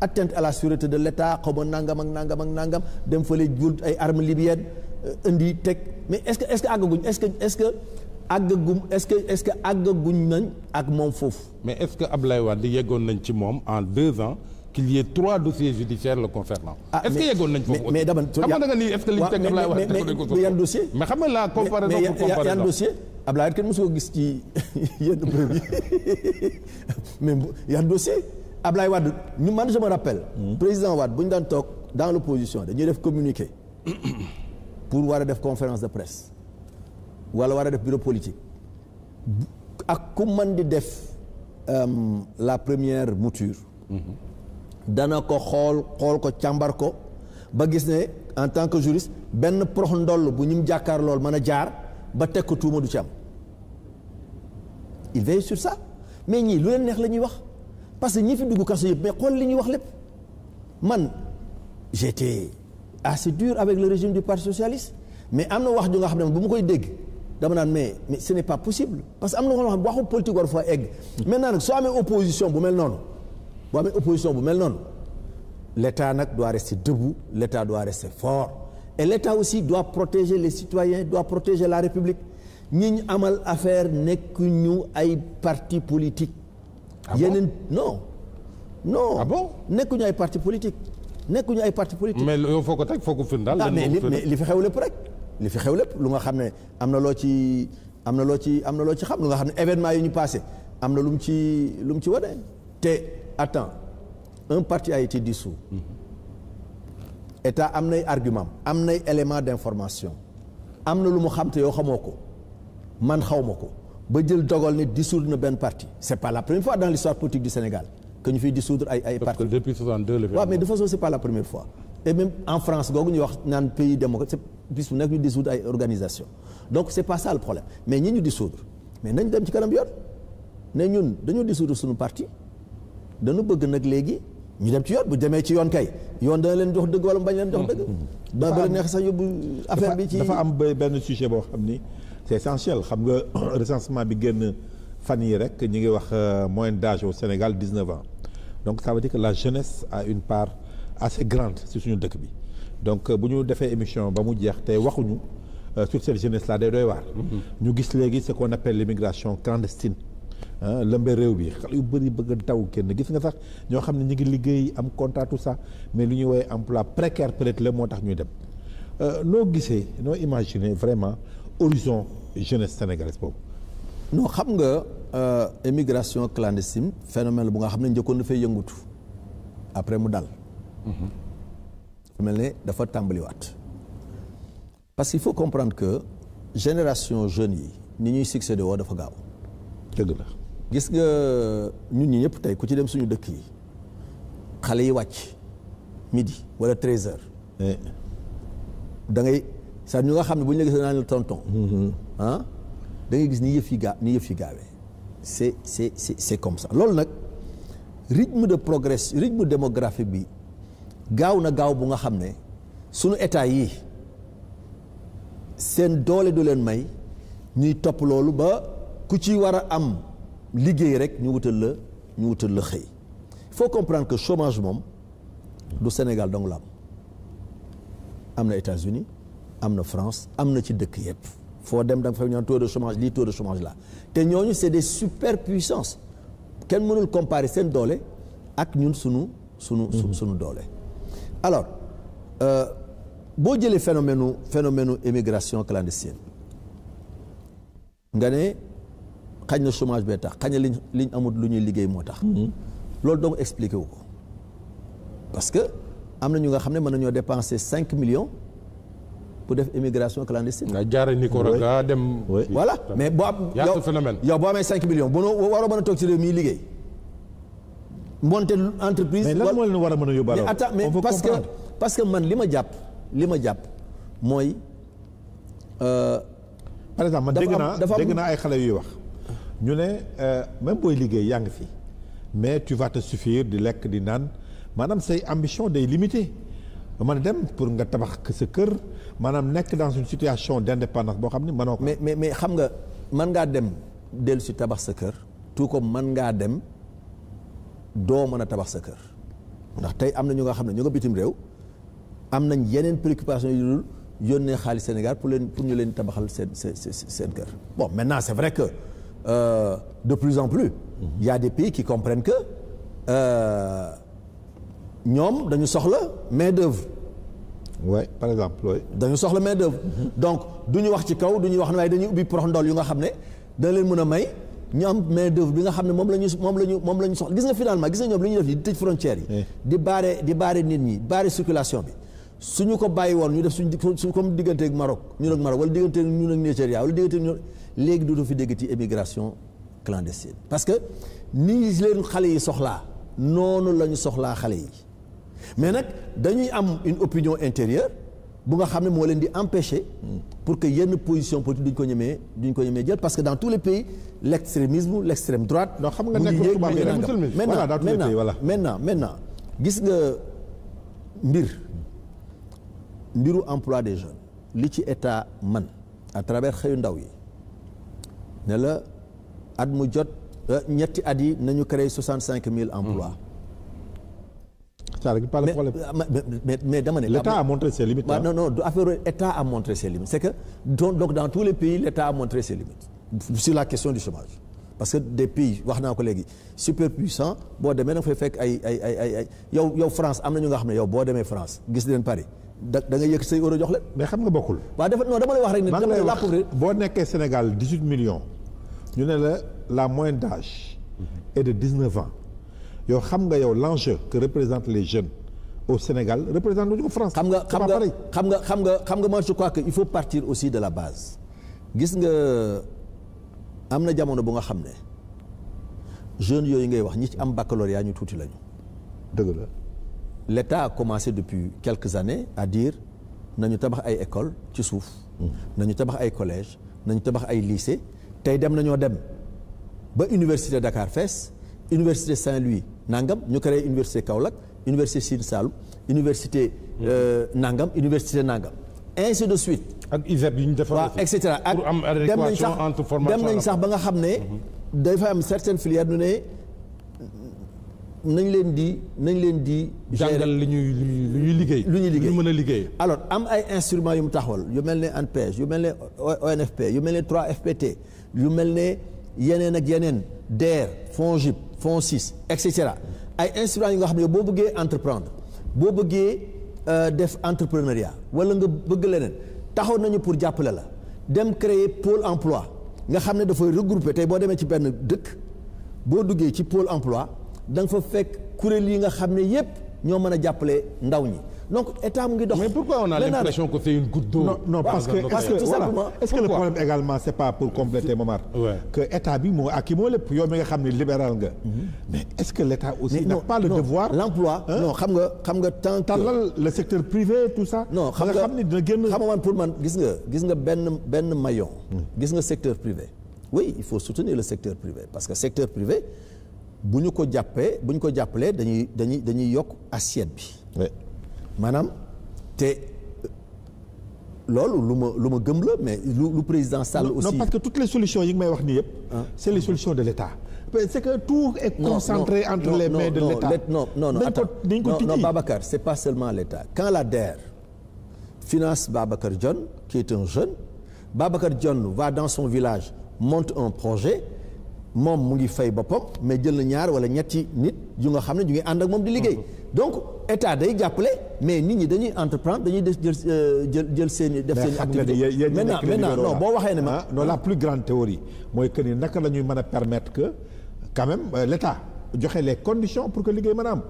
atteinte à la sûreté de l'État xaw ma nangam ak nangam ak nangam dem fële jul ay armes libyennes euh, indi teg mais est-ce que est-ce que àggaguñ est que est-ce que àggagum est-ce que est-ce que àggaguñ nañ ak moom foofu. mais est-ce que Ablaye Wade yeggoon nañ ci moom en deux ans. qu'il y ait trois dossiers judiciaires le concernant. ah est-ce que yeggoon nañ foofu mais mais dama. xam mais yan dossier. mais pour comparaison mais yan dossier. Ablaye kenn mosu ko gis ci yenn bërëb Ablaye Wade ñu man je me rappelle. Hmm. président Wade bu ñu daan toog dans l'opposition dañuy def communiqué pour war a def conférence de presse wala war a def bureau politique ak ku man di def euh, la première mouture. Hmm. dana ko xool xool ko càmbar ko ba gis ne en tant que juriste benn prox ndoll bu ñu jàkkaar lool mën a jaar ba teg ko tuuma du ci am il veille sur ça mais ñii lu leen neex la ñuy wax. parce que ñi fi dugg kaso yëpp mais xool li ñuy wax lépp man j'étais assez dur avec le régime du parti socialiste mais am na wax ju nga xam ne bu ma koy dégg dama naan mais mais ce n'est pas possible parce que am na loo xam ne waxu politique war fa egg. maintenant nag soo amee opposition bu mel noonu boo amee opposition bu mel noonu l'État nag doit rester debout l'État doit rester fort et l'État aussi doit protéger les citoyens doit protéger la République ñi ñu amal affaire nekk ñu ay parti politique Ah yeneen non non ah bon nekkuñu ay parti politique nekkuñu ay parti politique mais yow foo ko teg foo ko firndaal ah, mais li fi xew lépp rek li fi xew lépp lu nga xam ne am na loo ci am na loo ci am na loo ci xam lu nga xam ne événement yi ñu paase am na lu mu ci lu mu ci wane te attends un parti ay été dissous mm-hmm. état am nay argument am nay élément d'information am na lu mu xam te yow xamoo ko man xaw ma ko ba jël dogal ne dissoudre na benn parti c'est pas la première fois dans l'histoire politique du Sénégal que ñu fiy dissoudre ay ay waaw mais de façon c'est pas la première fois et même en France googu ñuy wax naan pays démocratique bis bu nekk ñu dissoudre ay organisation donc c'est pas ça problème mais ñi ñu dissoudre mais nañ dem ci kanam yoon ne ñun dañoo dissoudre suñu parti danu bëgg nag léegi ñu dem ci yoon bu demee ci yoon kay yoon dana leen jox dëgg bañ leen jox dëgg hmm. ba ba neex sax yóbbu affaire bi ci dafa am benn sujet boo xam ni c'est essentiel xam nga recensement bi génn fan yi rek ñu ngi wax euh, moyen d'âge au Sénégal dix-neuf ans donc ça veut dire que la jeunesse a une part assez grande si suñu dëkk bi donc bu ñu defee émission ba mu jeex tey waxuñu euh, sur cette jeunesse là day doy waar mm-hmm. ñu gis léegi ce qu'on appelle l'immigration clandestine lëmbe réew bi xale yu bëri bëgg a daw kenn gis nga sax ñoo xam ne ñu ngi liggéey am contatu sax mais lu ñuy woowee emploi précaire peut-être la moo tax ñuy dem euh, noo gisee noo imaginer vraiment horizon jeunesse sénégalaise boobu. non xam nga euh, émigration clandestine phénomène la bu nga xam ne njëkkoon dafay yëngutu après mu dal. dafa mel ne dafa tàmbaliwaat. parce qu'il faut comprendre que génération jeunes yi ni ñuy succédé woo dafa gaaw. dëgg la gis nga ñun ñi ñëpp tey ku ci dem suñu dëkk yi xale yi wàcc midi wala treize heures. Eh. saa ñu nga xam ne bu ñu la gisee naan la tonton. Mm-hmm. ah da gis ni yëf yi gaa ni yëf yi gaawee. c'est c'est c'est comme sax loolu nag rythme de progrès rythme démographique bi gaaw na gaaw bu nga xam ne suñu état yi seen doole du leen may ñuy topp loolu ba ku ci war a am liggéey rek ñu wutal la ñu wutal la xëy il faut comprendre que chômage moom du Sénégal dong la am am na États-Unis am na France am na ci dëkk yëpp foo dem da nga fay ñaan de chômage lii taux de chômage la te ñooñu c'est des superpuissances kenn mënul comparer seen doole ak ñun sunu sunu mhm. sunu doole alors euh, boo jëlee phénomène phénomène immigration clandestine nga ne xañ na chômage bee tax xañ na liñ liñ lu ñuy liggéey moo tax mhm. loolu donc expliqué wu ko parce que am na ñu nga xam ne mën nañoo dépenser cinq millions pour def immigration clandestine. nga jaaree Nicaragua dem. voilà mais boo am. yow phénomène yow boo amee 5 millions mënoo waroo mën a toog ci réew mi liggéey. monter entreprise. mais lan moo a mën a yóbbaale. mais parce que parce que man li ma jàpp li ma jàpp mooy. Euh, par exemple man dégg ay xale yuy wax. ñu ne euh, même booy liggéey yaa ngi fi mais tu vas te di lekk di naan maanaam say ambition day limité. mën a dem pour nga tabax sa kër maanaam nekk dans une situation d' indépendance boo xam ni mënoo ko. mais mais mais xam nga man ngaa dem dellu si tabax sa kër tout comme man ngaa dem doo mën a tabax sa kër ndax tey am na ñu nga xam ne ñu nga bitim réew am nañ yeneen préoccupation yu dul yónnee xaalis Sénégal pour leen pour ñu leen tabaxal seen seen seen kër. bon maintenant c' est vrai que euh, de plus en plus. y a des pays qui comprennent que. Euh, ñoom dañu soxla oui par exemple oui. dañu soxla main d'œuvre. donc du ñu wax ci kaw du ñu wax ne waaye dañuy ubbi prox ndool yu nga xam ne dana leen mën a may ñu am main d'œuvre bi nga xam ne moom la ñu moom la ñu moom la ñu soxla gis nga finalement gis nga ñoom li ñuy def nii di tëj frontière yi. Eh. di baare di baare nit ñi baare circulation bi. suñu ko bàyyi woon ñu def suñ suñ comme diggante ak Maroc ñun ak Maroc wala diggante ak ñun ak Nigéria wala diggante ak ñun léegi dootu fi dégg ci émigration clandestine. parce que ni leen xale yi soxlaa noonu la ñu soxlaa xale yi mais nag dañuy am une opinion intérieure bu nga xam ne moo leen di empêcher pour que yenn position politique duñ ko ñemee duñ ko ñemee jël parce que dans tous les pays l' extrémisme l' extrême droite. donc xam nga nekk tubaab yi maintenant maintenant maintenant gis nga mbir mbiru emploi des jeunes li ci état man à travers xëyu ndaw yi ne la at mu jot euh, ñetti at yi nañu créé soixante cinq mille emplois ça règle pas le problème. mais mais ne. l'État a montré ses limites. non non affaire État a montré ses limites c'est que donc dans tous les pays l'État a montré ses limites. sur la question du chômage. parce que des pays wax naa ko léegi superpuissants boo demee da nga fay fekk ay ay ay yow France am na ñu nga xam ne yow boo demee France gis leen Paris da da nga yëkk say euro jox leen. mais xam nga bokkul. waaw def non dama lay wax rek. maa ngi lay wax boo nekkee Sénégal dix huit millions. ñu ne la la moyenne d'âge est de dix neuf yow xam nga yow l'enjeu que représentent les jeunes au Sénégal représente lu ñu ko France. xam nga xam nga xam nga xam nga xam nga moi je crois que il faut partir aussi la base. gis nga am na jamono bu nga xam ne jeunes yooyu ngay wax ñi ci am baccalauréat ñu tuuti lañu. dëgg la. l'État a commencé depuis quelques années à dire nañu tabax ay école ci suuf. Mm. nañu tabax ay collèges nañu tabax ay lycées tey dem nañoo dem ba université Dakar fees université Saint-Louis nangam ñu créé université Kaolack université Sine Saloum université mm-hmm. euh, nangam université nangam ainsi de suite. ak ISEP yi ñu defaral waaw et cetera ak dem nañ sax dem nañ sax ba nga xam ne. Mm-hmm. dafa am certaines filières ñu ne nañ leen di nañ leen di. jàngal li ñuy lu ñuy liggéey. lu ñuy liggéey lu ñu mën a liggéey. alors am ay instruments yu mu taxawal yu mel ne ANPEJ yu mel ne ONFP yu mel ne 3FPT yu mel ne yeneen ak yeneen DER FONGIP. fon 6 et cetera ay instruments yi nga xam ne boo bëggee entreprendre boo bëggee euh, def entrepreneuriat wala nga bëgg leneen taxaw nañu pour jàppale la dem créer pôle emploi nga xam ne dafay regrouper tey boo demee ci benn dëkk boo duggee ci pôle emploi da fa fekk kuréel yi nga xam ne yépp ñoo mën a jàppale ndaw ñi donc état mu ngi dox. mais pourquoi on a l'impression que c'est une goutte d'eau. non non parce que parce que voilà est-ce que le problème également c'est pas pour compléter Momar. que état bi moo ak kii moo lépp yow mi nga xam ne libéral nga. Mhm. mais est-ce que l'état aussi n'a pas le devoir. l'emploi non xam nga xam nga tant tàllal le secteur privé tout ça. non xam nga xam ne dina génn. xam nga man pour man gis nga gis nga benn benn maillon. Hmm. gis nga secteur privé. oui il faut soutenir le secteur privé parce que secteur privé bu ñu ko jàppee bu ñu ko jàppalee dañuy dañuy dañuy yokk assiette bi. maanaam te loolu lu ma lu ma gëm la mais lu lu président Sall aussi non parce que toutes les solutions yi nga may wax nii yëpp ah. c'est les solutions de l'État c'est que tout est concentré non, non, entre non, les mains de l'État non non non attends non Babacar c'est pas seulement l'État quand la DER finance Babacar Dione qui est un jeune Babacar Dione va dans son village monte un projet moom mu ngi fay boppam mais jël na ñaar wala ñetti nit yu nga xam ne ñu ngi ànd ak moom di liggéey mm-hmm. donc état day jàppale mais nit ñi dañuy entreprendre dañuy def euh, jël jël seen i def seen i activité maintenant boo waxee ne ma ah, non la plus grande théorie mooy kër ni naka la ñuy mën a permettre que quand même euh, l'état joxe les condition pour que liggéey man am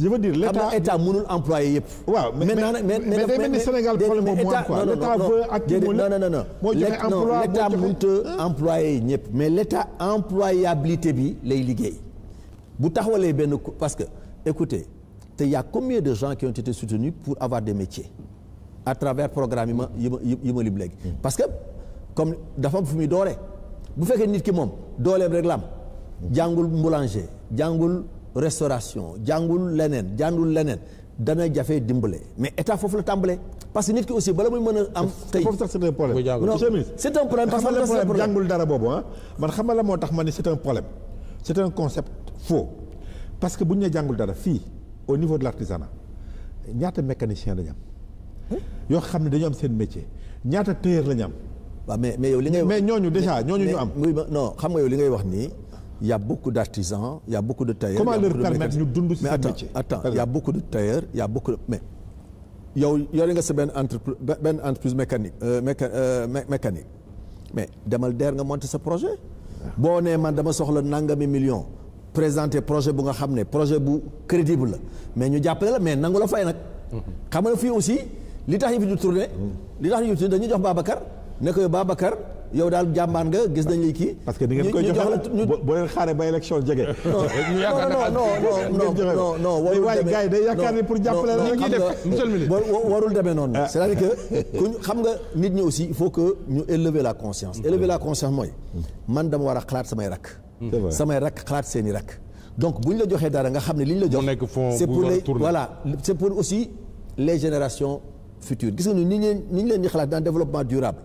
je veux dire l'état état mënul employé yëpp. waaw mais mais mais day mel ni Sénégal problème boobu moo am quoi l'état veut accumuler non non joxe emploi l'état mënut mais l'état employabilité bi lay liggéey bu taxawalee benn parce que écoutez te yaa a combien de gens qui ont été soutenus pour avoir des métiers à travers programme yi ma yi ma yi ma lim léegi. Mm. parce que comme dafa am fu muy dooree bu fekkee nit ki moom dooleem rek la am jàngul boulanger jàngul restauration jàngul leneen jàngul leneen dana jafe dimbale mais état foofu la tàmbalee parce que nit ki aussi bala muy mën a am. tey foofu sax c' est un problème. c' est un ah. la moo tax ma ni c' est un problème c' est un concept faux parce que bu ñu nee jàngul dara fii. au niveau de l' artisanat ñaata mécanicien la ñu am. Hmm? yoo xam ne dañoo am seen métier ñaata tailleur la ñu am. waaw mais mais yow li ngay mais ñooñu déjà ñooñu ñu am. non xam nga yow li ngay wax nii. y' a beaucoup d' artisans y' a beaucoup de tailleurs. comment leur ñu dund ci seen métier attends a beaucoup de tailleurs y' a beaucoup de mais. yow yore nga sa benn entreprise benn entreprise mécanique euh, euh, mécanique mais demal DER nga monter sa projet. Ah. boo nee man dama soxla nangami million présenter projet bu nga xam ne projet bu crédible la mais ñu jàppale la mais nangu la fay nag. xam nga fii aussi li tax ñu fi di li tax ñu fi tourné dañuy jox Babacar ne ko yow daal jàmbaan nga gis nañ lay kii. parce que ni ngeen koy joxe ñu boo leen xaaree ba élection jege. ñu yaakaar ne non non non non warul demee waaye gars day yaakaar pour jàppale la warul demee noonu. Ah. que xam nga nit ñi aussi il faut que ñu élever la conscience. Mm-hmm. élever la conscience mooy man dama war a xalaat samay rakk. Hmm. samay rakk xalaat seeni rakk donc bu ñu la joxee dara nga xam ne li ñu la jox c'est pour les voilà c'est pour aussi les générations futures gis nga ni ñu leen ni leen di xalaat dans développement durable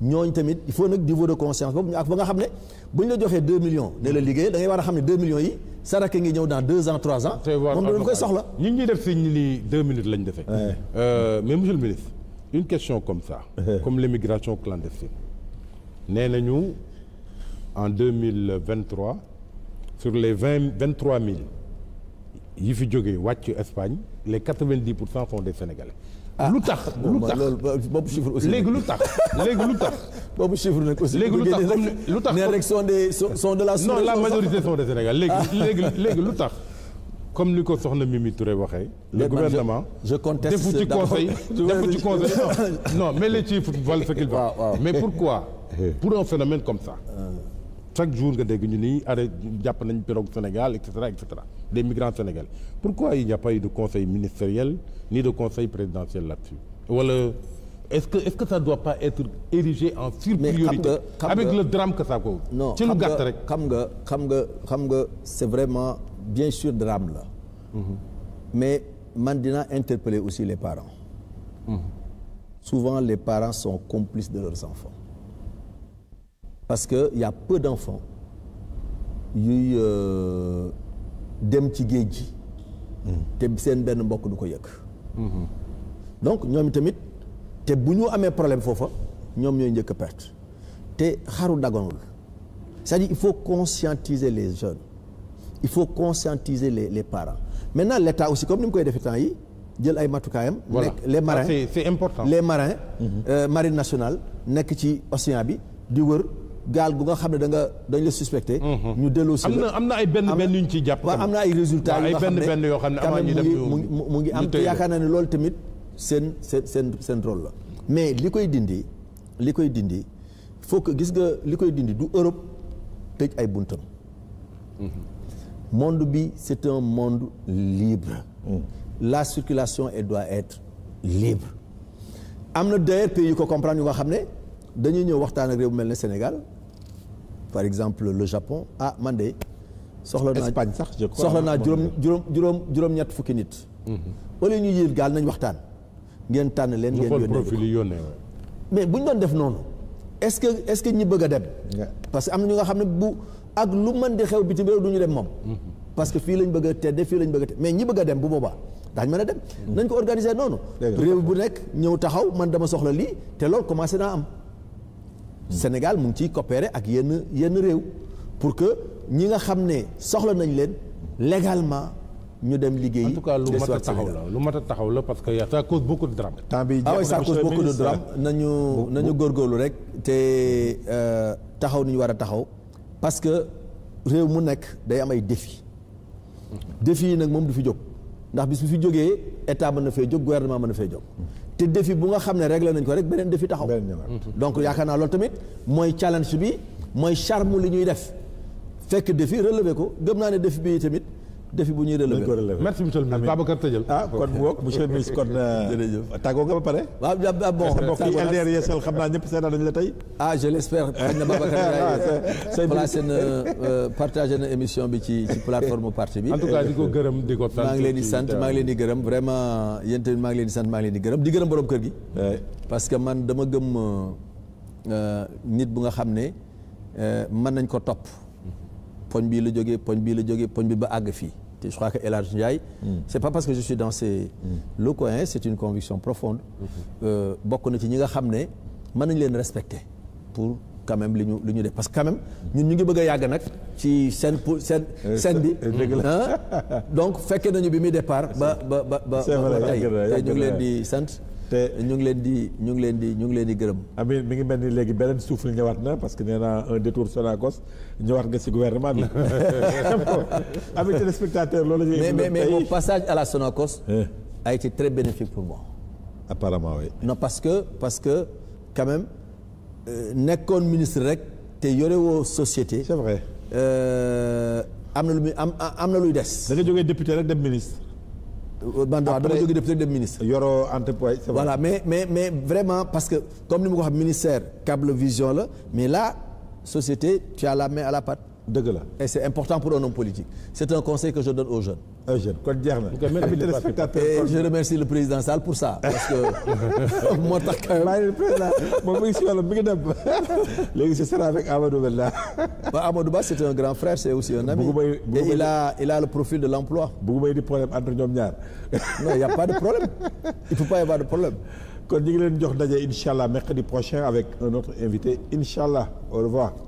ñooñ tamit il faut nag niveau de conscience boobu ñu ak ba nga xam ne bu ñu la joxee deux millions ne la liggéey da ngay a xam ne deux millions yi sa rakk ngi ñëw dans deux ans trois ans moom dañu koy soxla ñu ngi def si ñu ni deux minutes lañ defee euh, le ministre une question comme ça en deux mille vingt trois sur les vingt vingt trois mille yi fi jógee wàcc Espagne les quatre vingt dix pour cent sont des sénégalais. Ah, lu tax lu tax loolu léegi lu tax léegi lu tax. boobu lu tax lu rek sont des sont la. non la majorité sont des sénégalais ah. léegi lu tax. comme ni ko soxna Mimi Touré waxee. le gouvernement je conteste defu ci conseil defu ci conseil non mais les chiffres valent ce qu'ils valent. mais pourquoi eh. pour un phénomène comme ça. Ah. chaque jour nga dégg ñu ni arrêt jàpp nañ pirogue Sénégal et cetera et cetera des migrants sénégalais pourquoi il n'y a pas eu de conseil ministériel ni de conseil présidentiel là wala est-ce que est-ce que ça doit pas être érigé en surpriorité avec le drame que ça cause non rek xam nga xam nga xam nga c'est vraiment bien sûr drame la mhm. mais man dinaa interpeller aussi les parents mhm. souvent les parents sont complices de leurs enfants parce que y a peu d'enfants yuy euh, dem ci géej gi mm-hmm. te seen benn mbokk du ko yëg mm-hmm. donc ñoom tamit te bu ñu amee problème foofa ñoom ñooy njëkk a perte te xaru daganul c'est-à-dire il faut conscientiser les jeunes il faut conscientiser les les parents maintenant l'État aussi comme ni mu koy defee temps yi jël ay matukaayam. nekk les ah, marins c'est important les marins. Mm-hmm. Euh, marine nationale nekk ci océan bi di wër. gaal gu nga xam ne da nga dañ la suspecté. Mhm. ñu delloo si la am na ay benn benn yu ñu ciy jàpp. am na ay résultats yu nga xam ne ay benn benn ne amaa ñu dem mu ngi am te yaakaar naa ne loolu tamit seen seen seen seen rôle la. mais li koy dindi li koy dindi faut gis nga li koy dindi du Europe tëj ay buntam. Mhm. monde bi c'est un monde libre. Mm. la circulation elle doit être libre. am na d'ailleurs pays yu ko comprendre yu nga xam ne dañuy ñëw waxtaan ak réew mel ne Sénégal. par exemple le Japon ah man de. soxla naa Espagne sax je soxla naa juróom juróom juróom juróom-ñett fukki nit. wala mhm. ñu yéen gaal nañ waxtaan. ngeen tànn leen ngeen yónnee mais bu ñu doon def noonu. est-ce que est-ce que ñi bëgg a dem. parce que am na ñu nga xam ne bu ak lu mën di xew bitim réew du ñu dem moom. Mhm. parce que fii lañ bëgg a tedde fii lañ bëgg a tedde mais ñi bëgg dem bu booba daañu mën a dem. Mhm. nañ ko organiser noonu. réew bu nekk ñëw taxaw man dama soxla lii te lool commencé naa am. Sénégal mu ngi ciy coopérer ak yenn yenn réew pour que ñi nga xam ne soxla nañ leen légalement ñu dem liggéey en tout cas lu mat a taxaw la lu mat a taxaw la parce que ça cause beaucoup de drame. temps bi ah drame nañu góor góorlu rek te euh, taxaw ni ñu war a taxaw parce que réew mu nekk day am ay défi mhm. défi yi nag moom du fi jóg ndax bi su fi jógee état mën na fee jóg gouvernement mën na fee jóg. te defi bu nga xam ne réglé nañ ko rek beneen defi taxaw mm-hmm. donc yaakaar naa loolu tamit mooy challenge bi mooy charme li ñuy def fekk défi relevé ko gëm naa ne défi bi tamit defi bu ñuy relever. merci monsieur le ministre Babacar Tëjël. ah kon boog monsieur le ministre kon. Euh, jërëjëf nga ba pare. waaw bon mbokk yi LDR Yeesal xam naa ñëpp seetaan nañu la tey. ah je l' espère xëy na Babacar Ndiaye ah, euh, euh, placé na na émission bi ci ci plateforme parti bi. en di ko gërëm di ko maa ngi leen di sant maa ngi leen di gërëm vraiment yéen maa ngi leen di sant gërëm di gërëm borom kër gi. parce que man dama gëm nit bu nga xam ne mën nañ ko topp mm-hmm. poñ bii la jóge poñ bii la jógee poñ bi ba àgg fii je crois que El Hadj Ndiaye hmm. c'est pas parce que je suis dans ces hmm. le coin c'est une conviction profonde hmm. euh, bokk na ci ñi nga xam ne mën nañ leen respecter pour quand même li ñu li ñu def parce que quand même ñun ñu ngi bëgg yàgg nag ci seen pour seen euh, seen bi euh, donc fekkee nañu bi muy départ ba ba ba ba tey tey ñu leen di sant te ñu ngi leen di ñu ngi leen di ñu ngi leen di gërëm. amiin mi ngi mel ni léegi beneen li ñëwaat na parce que nee naa un détour Sonacos ñëwaat nga si gouvernement bi. amis téléspectateurs loolu la ñuy. mais mais mon passage à la Sonacos. Eh. a été très bénéfique pour moi. apparemment oui. non parce que parce que quand euh, nekkoon ministre rek te yore woo société. c'est vrai. Euh, am na lu muy am am na luy des. da nga jógee député rek dem ministre. man dama jóge député dem ministre. yoroo entreprise voilà mais mais mais vraiment parce que comme ni ma ko wax ministère câble vision la mais là société tu as la main à la patte. dëgg la et c'est important pour un homme politique c'est un conseil que je donne aux jeunes. un jeune kon jeex na. je remercie le président Sall pour ça. parce que moo tax. maa ngi président moom mi ngi si wàllu mi ngi de léegi ce sera avec Amadou Ba. waaw un grand frère c' aussi un ami. et il a il a le profil de l' emploi. bëgguma di problème entre ñoom ñaar. non y' a pas de problème il faut pas y de problème. kon ñu ngi leen jox daje incha allah mercredi prochain avec un autre invité incha allah au revoir.